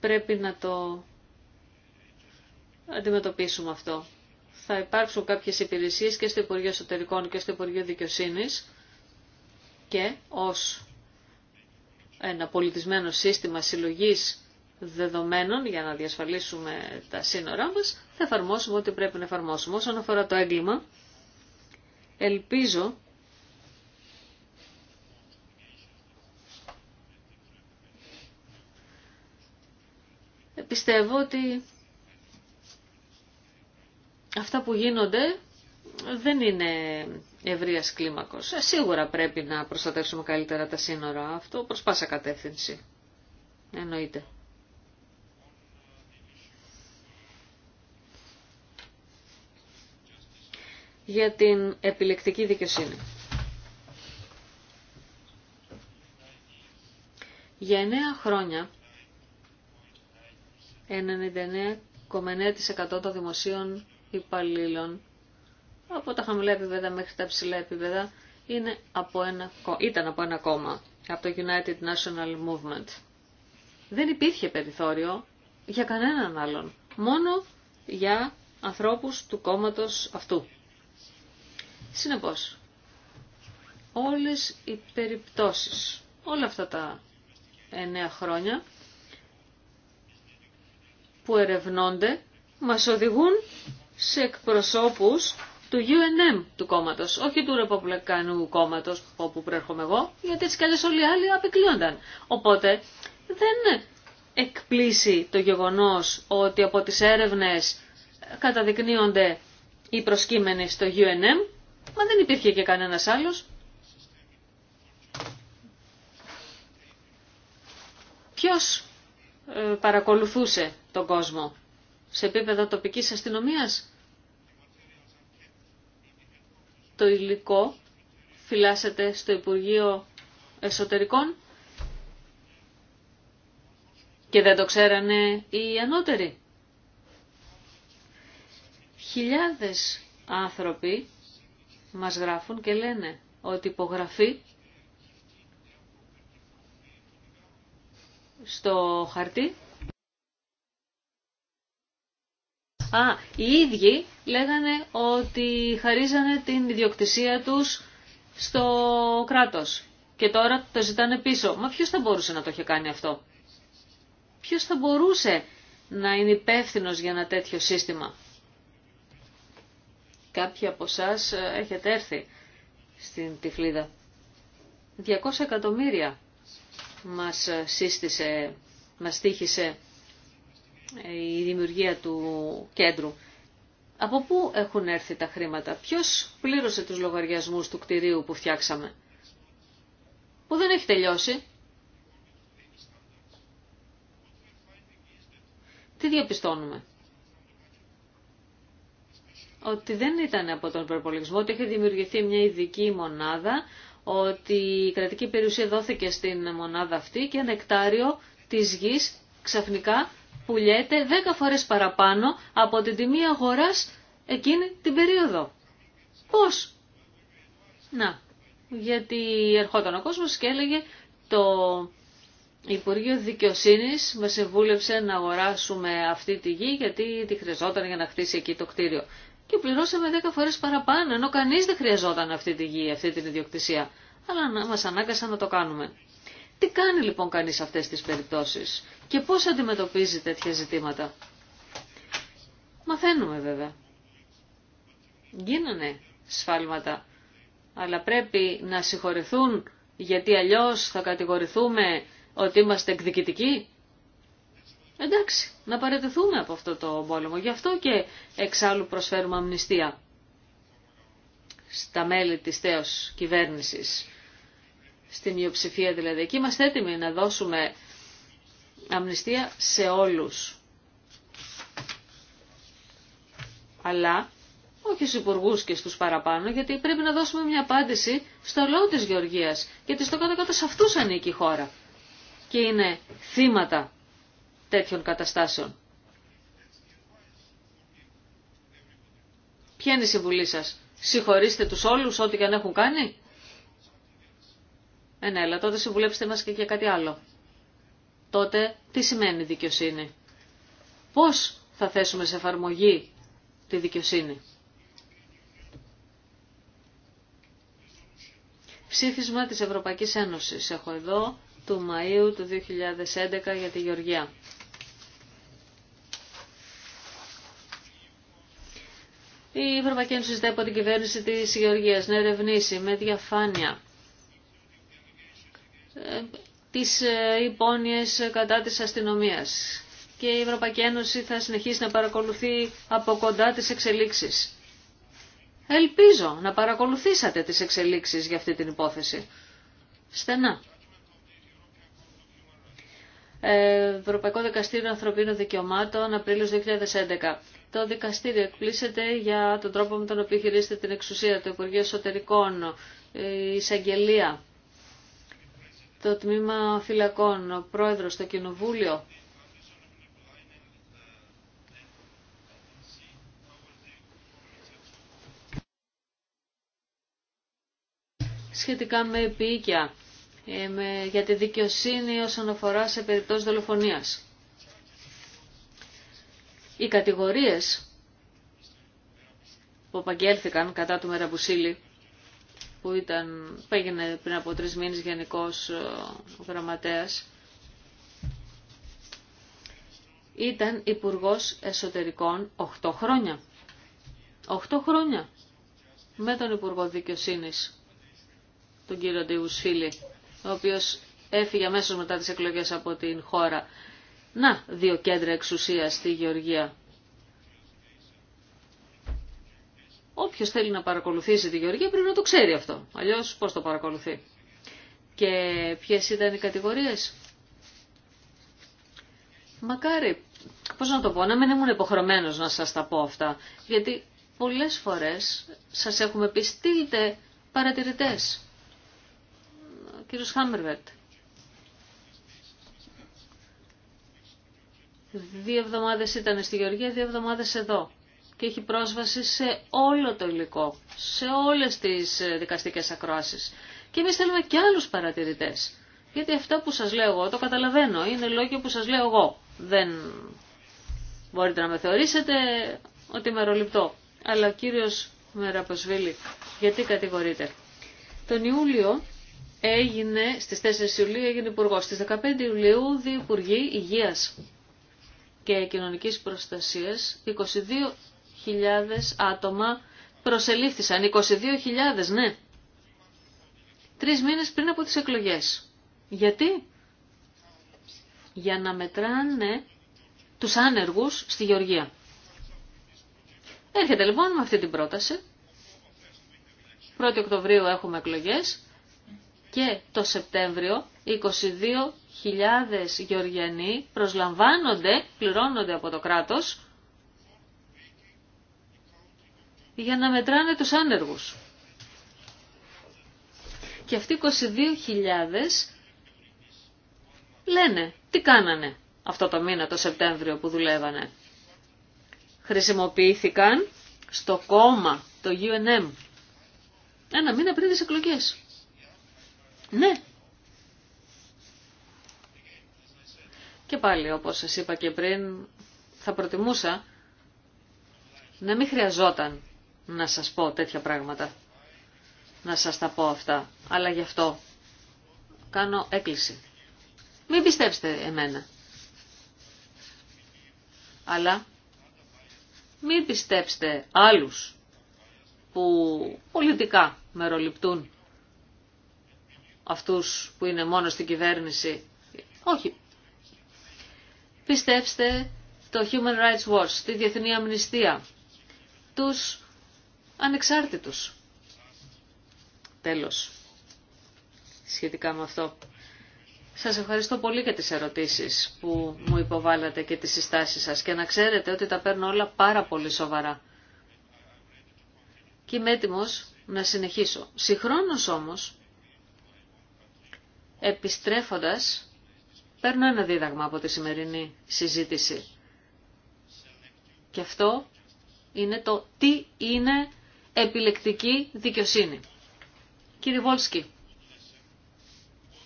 πρέπει να το αντιμετωπίσουμε αυτό. Θα υπάρξουν κάποιες υπηρεσίες και στο Υπουργείο Εσωτερικών και στο Υπουργείο Δικαιοσύνης και ως ένα πολιτισμένο σύστημα συλλογής δεδομένων για να διασφαλίσουμε τα σύνορά μας, θα εφαρμόσουμε ό,τι πρέπει να εφαρμόσουμε. Όσον αφορά το έγκλημα, ελπίζω πιστεύω ότι αυτά που γίνονται δεν είναι ευρεία κλίμακος. Ε, σίγουρα πρέπει να προστατεύσουμε καλύτερα τα σύνορα. Αυτό προς πάσα κατεύθυνση. Εννοείται. για την επιλεκτική δικαιοσύνη. Για εννέα χρόνια 99,9% των δημοσίων υπαλλήλων από τα χαμηλά επίπεδα μέχρι τα ψηλά επίπεδα είναι από ένα, ήταν από ένα κόμμα, από το United National Movement. Δεν υπήρχε περιθώριο για κανέναν άλλον, μόνο για ανθρώπους του κόμματος αυτού. Συνεπώς, όλες οι περιπτώσεις, όλα αυτά τα εννέα χρόνια που ερευνώνται μας οδηγούν σε εκπροσώπους του UNM του κόμματος, όχι του Ρεποπλεκανού κόμματος όπου προέρχομαι εγώ, γιατί έτσι κι όλοι οι άλλοι απεκλείονταν. Οπότε δεν εκπλήσει το γεγονός ότι από τις έρευνες καταδεικνύονται οι προσκύμενοι στο UNM, μα δεν υπήρχε και κανένας άλλος. Ποιος ε, παρακολουθούσε τον κόσμο. Σε επίπεδο τοπικής αστυνομίας. Το υλικό φυλάσσεται στο Υπουργείο Εσωτερικών και δεν το ξέρανε οι ανώτεροι. Χιλιάδες άνθρωποι μας γράφουν και λένε ότι υπογραφή στο χαρτί Α, οι ίδιοι λέγανε ότι χαρίζανε την ιδιοκτησία τους στο κράτος και τώρα το ζητάνε πίσω. Μα ποιος θα μπορούσε να το είχε κάνει αυτό. Ποιος θα μπορούσε να είναι υπεύθυνο για ένα τέτοιο σύστημα. Κάποιοι από εσά ε, έχετε έρθει στην Τυφλίδα. 200 εκατομμύρια μας ε, σύστησε, μας τύχησε η δημιουργία του κέντρου. Από πού έχουν έρθει τα χρήματα, ποιος πλήρωσε τους λογαριασμούς του κτηρίου που φτιάξαμε, που δεν έχει τελειώσει. Τι διαπιστώνουμε. Ότι δεν ήταν από τον προπολογισμό, ότι είχε δημιουργηθεί μια ειδική μονάδα, ότι η κρατική περιουσία δόθηκε στην μονάδα αυτή και ένα εκτάριο της γης ξαφνικά πουλιέται 10 φορές παραπάνω από την τιμή αγοράς εκείνη την περίοδο. Πώς? Να, γιατί ερχόταν ο κόσμος και έλεγε το Υπουργείο Δικαιοσύνης με συμβούλευσε να αγοράσουμε αυτή τη γη γιατί τη χρειαζόταν για να χτίσει εκεί το κτίριο. Και πληρώσαμε 10 φορές παραπάνω, ενώ κανείς δεν χρειαζόταν αυτή τη γη, αυτή την ιδιοκτησία. Αλλά μας ανάγκασαν να το κάνουμε. Τι κάνει λοιπόν κανείς σε αυτές τις περιπτώσεις και πώς αντιμετωπίζει τέτοια ζητήματα. Μαθαίνουμε βέβαια. Γίνανε σφάλματα, αλλά πρέπει να συγχωρηθούν γιατί αλλιώς θα κατηγορηθούμε ότι είμαστε εκδικητικοί. Εντάξει, να παραιτηθούμε από αυτό το πόλεμο. Γι' αυτό και εξάλλου προσφέρουμε αμνηστία στα μέλη της θέως κυβέρνησης, Στην μειοψηφία δηλαδή. Εκεί είμαστε έτοιμοι να δώσουμε αμνηστία σε όλους. Αλλά όχι στους υπουργού και στους παραπάνω, γιατί πρέπει να δώσουμε μια απάντηση στο λόγο της Γεωργίας, γιατί στο κάτω-κάτω σε αυτούς ανήκει η χώρα και είναι θύματα τέτοιων καταστάσεων. Ποια είναι η συμβουλή σας, συγχωρήστε τους όλους ό,τι και αν έχουν κάνει. Ε, ναι, αλλά τότε συμβουλέψτε μας και για κάτι άλλο τότε τι σημαίνει δικαιοσύνη. Πώς θα θέσουμε σε εφαρμογή τη δικαιοσύνη. Ψήφισμα της Ευρωπαϊκής Ένωσης. Έχω εδώ του Μαΐου του 2011 για τη Γεωργία. Η Ευρωπαϊκή Ένωση ζητάει από την κυβέρνηση της Γεωργίας να ερευνήσει με διαφάνεια ε, τις ε, υπόνοιες κατά της αστυνομίας. Και η Ευρωπαϊκή Ένωση θα συνεχίσει να παρακολουθεί από κοντά τις εξελίξεις. Ελπίζω να παρακολουθήσατε τις εξελίξεις για αυτή την υπόθεση. Στενά. Ε, Ευρωπαϊκό Δικαστήριο Ανθρωπίνων Δικαιωμάτων, Απρίλιο 2011. Το δικαστήριο εκπλήσεται για τον τρόπο με τον οποίο χειρίζεται την εξουσία του Υπουργείου Εσωτερικών, ε, η εισαγγελία το τμήμα φυλακών, ο πρόεδρος στο κοινοβούλιο. Σχετικά με επίοικια, ε, για τη δικαιοσύνη όσον αφορά σε περιπτώσεις δολοφονίας. Οι κατηγορίες που απαγγέλθηκαν κατά του Μεραμπουσίλη που, ήταν, πριν από τρεις μήνες γενικός ε, γραμματέας, ήταν υπουργό εσωτερικών 8 χρόνια. 8 χρόνια με τον Υπουργό Δικαιοσύνη, τον κύριο Ντιουσφίλη, ο οποίος έφυγε αμέσως μετά τις εκλογές από την χώρα. Να, δύο κέντρα εξουσίας στη Γεωργία Όποιο θέλει να παρακολουθήσει τη Γεωργία πρέπει να το ξέρει αυτό. Αλλιώ πώ το παρακολουθεί. Και ποιε ήταν οι κατηγορίε. Μακάρι, πώ να το πω, να μην ήμουν υποχρεωμένο να σα τα πω αυτά. Γιατί πολλέ φορέ σα έχουμε πει στείλτε παρατηρητέ. κύριο Χάμερβερτ. Δύο εβδομάδες ήταν στη Γεωργία, δύο εβδομάδε εδώ και έχει πρόσβαση σε όλο το υλικό, σε όλες τις ε, δικαστικές ακροάσεις. Και εμείς θέλουμε και άλλους παρατηρητές. Γιατί αυτά που σας λέω εγώ, το καταλαβαίνω, είναι λόγια που σας λέω εγώ. Δεν μπορείτε να με θεωρήσετε ότι μεροληπτώ. Αλλά ο κύριος Μεραποσβίλη, γιατί κατηγορείτε. Τον Ιούλιο έγινε, στις 4 Ιουλίου έγινε υπουργό. Στις 15 Ιουλίου δύο υπουργοί υγείας και κοινωνικής προστασίας, 22 άτομα προσελήφθησαν. 22.000, ναι. Τρεις μήνες πριν από τις εκλογές. Γιατί? Για να μετράνε τους άνεργους στη Γεωργία. Έρχεται λοιπόν με αυτή την πρόταση. 1η Οκτωβρίου έχουμε εκλογές και το Σεπτέμβριο 22.000 Γεωργιανοί προσλαμβάνονται, πληρώνονται από το κράτος για να μετράνε τους άνεργους. Και αυτοί 22.000 λένε τι κάνανε αυτό το μήνα το Σεπτέμβριο που δουλεύανε. Χρησιμοποιήθηκαν στο κόμμα, το UNM, ένα μήνα πριν τις εκλογές. Ναι. Και πάλι, όπως σας είπα και πριν, θα προτιμούσα να μην χρειαζόταν να σας πω τέτοια πράγματα, να σας τα πω αυτά. Αλλά γι' αυτό κάνω έκκληση. Μην πιστέψτε εμένα. Αλλά μην πιστέψτε άλλους που πολιτικά μεροληπτούν αυτούς που είναι μόνο στην κυβέρνηση. Όχι. Πιστέψτε το Human Rights Watch, τη Διεθνή Αμνηστία, τους ανεξάρτητους. Τέλος, σχετικά με αυτό. Σας ευχαριστώ πολύ για τις ερωτήσεις που μου υποβάλλατε και τις συστάσεις σας και να ξέρετε ότι τα παίρνω όλα πάρα πολύ σοβαρά. Και είμαι έτοιμος να συνεχίσω. Συγχρόνως όμως, επιστρέφοντας, παίρνω ένα δίδαγμα από τη σημερινή συζήτηση. Και αυτό είναι το τι είναι επιλεκτική δικαιοσύνη. Κύριε Βόλσκι,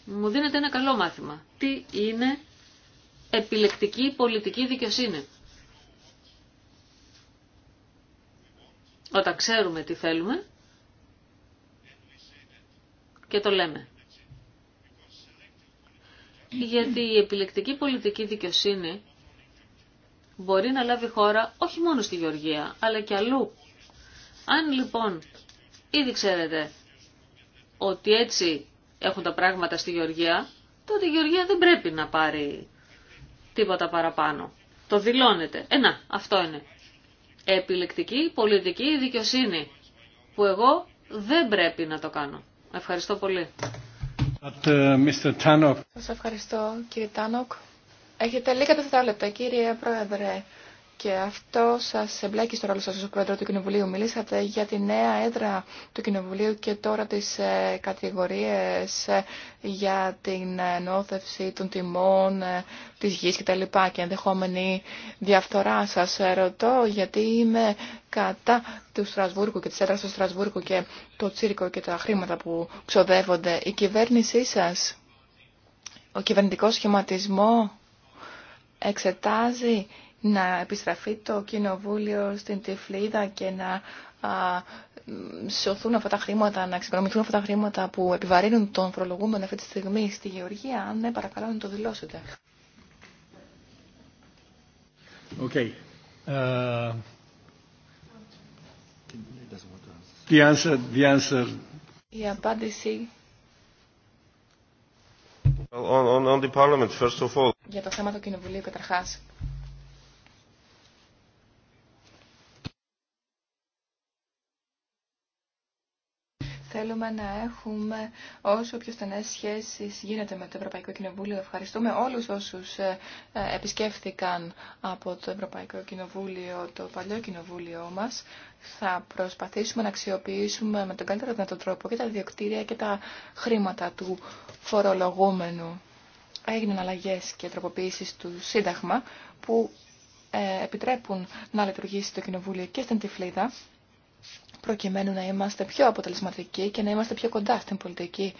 μου δίνετε ένα καλό μάθημα. Τι είναι επιλεκτική πολιτική δικαιοσύνη. Όταν ξέρουμε τι θέλουμε και το λέμε. Γιατί η επιλεκτική πολιτική δικαιοσύνη μπορεί να λάβει χώρα όχι μόνο στη Γεωργία, αλλά και αλλού αν λοιπόν ήδη ξέρετε ότι έτσι έχουν τα πράγματα στη Γεωργία, τότε η Γεωργία δεν πρέπει να πάρει τίποτα παραπάνω. Το δηλώνεται. Ένα. Ε, αυτό είναι. Επιλεκτική πολιτική δικαιοσύνη, που εγώ δεν πρέπει να το κάνω. Ευχαριστώ πολύ. Uh, Σας ευχαριστώ κύριε Τάνοκ. Έχετε λίγα δευτερόλεπτα κύριε Πρόεδρε. Και αυτό σα εμπλέκει στο ρόλο σα ω Πρόεδρο του Κοινοβουλίου. Μιλήσατε για τη νέα έδρα του Κοινοβουλίου και τώρα τις ε, κατηγορίες ε, για την ενώθευση των τιμών ε, τη γη κτλ. και ενδεχόμενη διαφθορά σας. Ρωτώ γιατί είμαι κατά του Στρασβούργου και τη έδρα του Στρασβούργου και το τσίρκο και τα χρήματα που ξοδεύονται. Η κυβέρνησή σα, ο κυβερνητικό σχηματισμό εξετάζει να επιστραφεί το κοινοβούλιο στην Τυφλίδα και να σωθούν αυτά τα χρήματα, να εξοικονομηθούν αυτά τα χρήματα που επιβαρύνουν τον προλογούμενο αυτή τη στιγμή στη Γεωργία. Αν ναι, παρακαλώ να το δηλώσετε. Okay. Uh, the answer, the answer. Η απάντηση on, on, on the parliament, first of all. για το θέμα του Κοινοβουλίου καταρχάς. Θέλουμε να έχουμε όσο πιο στενέ σχέσει γίνεται με το Ευρωπαϊκό Κοινοβούλιο. Ευχαριστούμε όλου όσου ε, ε, επισκέφθηκαν από το Ευρωπαϊκό Κοινοβούλιο, το παλιό κοινοβούλιο μα, Θα προσπαθήσουμε να αξιοποιήσουμε με τον καλύτερο δυνατό τρόπο και τα διοκτήρια και τα χρήματα του φορολογούμενου. Έγιναν αλλαγέ και τροποποιήσει του Σύνταγμα που ε, επιτρέπουν να λειτουργήσει το Κοινοβούλιο και στην Τυφλίδα προκειμένου να είμαστε πιο αποτελεσματικοί και να είμαστε πιο κοντά στην πολιτική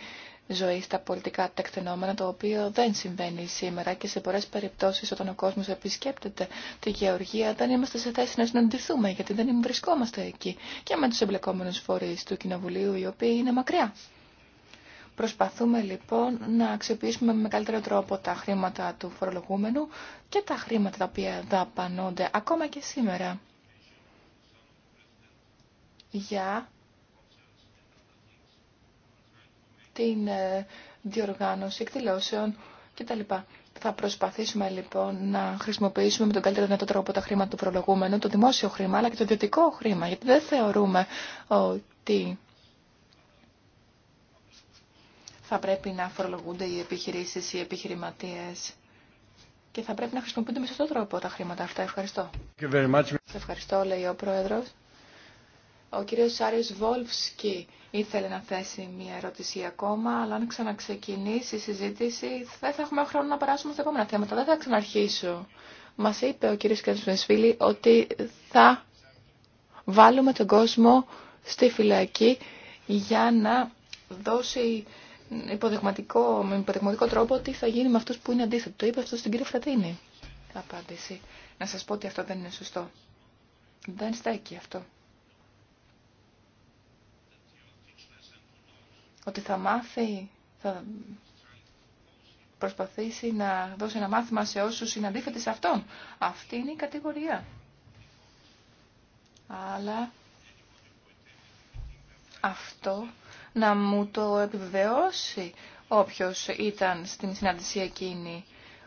ζωή, στα πολιτικά τεκτενόμενα, το οποίο δεν συμβαίνει σήμερα και σε πολλές περιπτώσεις όταν ο κόσμος επισκέπτεται τη γεωργία δεν είμαστε σε θέση να συναντηθούμε γιατί δεν βρισκόμαστε εκεί και με τους εμπλεκόμενους φορείς του Κοινοβουλίου οι οποίοι είναι μακριά. Προσπαθούμε λοιπόν να αξιοποιήσουμε με καλύτερο τρόπο τα χρήματα του φορολογούμενου και τα χρήματα τα οποία δαπανώνται ακόμα και σήμερα για την ε, διοργάνωση εκδηλώσεων κτλ. Θα προσπαθήσουμε λοιπόν να χρησιμοποιήσουμε με τον καλύτερο δυνατό τρόπο τα χρήματα του προλογούμενου, το δημόσιο χρήμα αλλά και το ιδιωτικό χρήμα, γιατί δεν θεωρούμε ότι θα πρέπει να φορολογούνται οι επιχειρήσεις, οι επιχειρηματίες και θα πρέπει να χρησιμοποιούνται με σωστό τρόπο τα χρήματα αυτά. Ευχαριστώ. Σα ευχαριστώ, λέει ο Πρόεδρος. Ο κύριος Σάριος Βόλφσκι ήθελε να θέσει μία ερώτηση ακόμα, αλλά αν ξαναξεκινήσει η συζήτηση δεν θα έχουμε χρόνο να περάσουμε στα επόμενα θέματα. Δεν θα ξαναρχίσω. Μας είπε ο κύριος Κασμεσφίλη ότι θα βάλουμε τον κόσμο στη φυλακή για να δώσει υποδειγματικό, με υποδειγματικό τρόπο τι θα γίνει με αυτούς που είναι αντίθετο. Το είπε αυτό στην κυρία Φρατίνη. Απάντηση. Να σας πω ότι αυτό δεν είναι σωστό. Δεν στέκει αυτό. ότι θα μάθει, θα προσπαθήσει να δώσει ένα μάθημα σε όσους είναι αντίθετοι σε αυτόν. Αυτή είναι η κατηγορία. Αλλά αυτό να μου το επιβεβαιώσει όποιος ήταν στην συνάντηση εκείνη.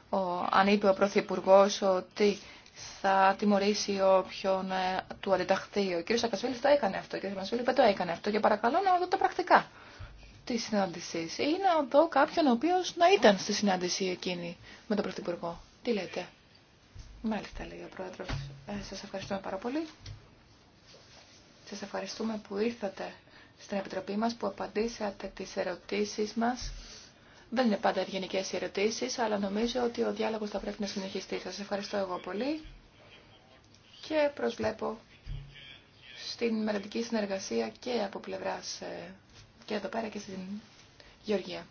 Ο, αν είπε ο Πρωθυπουργό ότι θα τιμωρήσει όποιον ε, του αντιταχθεί. Ο κ. Σακασβίλης το έκανε αυτό. Ο κ. Σακασβίλης το έκανε αυτό. Και παρακαλώ να δω τα πρακτικά της συνάντηση ή να δω κάποιον ο οποίο να ήταν στη συνάντηση εκείνη με τον Πρωθυπουργό. Τι λέτε. Μάλιστα λέει ο πρόεδρο. Ε, σας ευχαριστούμε πάρα πολύ. Σα ευχαριστούμε που ήρθατε στην Επιτροπή μα που απαντήσατε τι ερωτήσει μα. Δεν είναι πάντα ευγενικέ οι ερωτήσεις, αλλά νομίζω ότι ο διάλογο θα πρέπει να συνεχιστεί. Σα ευχαριστώ εγώ πολύ και προσβλέπω στην μελλοντική συνεργασία και από πλευράς ε, και εδώ πέρα και στην Γεωργία.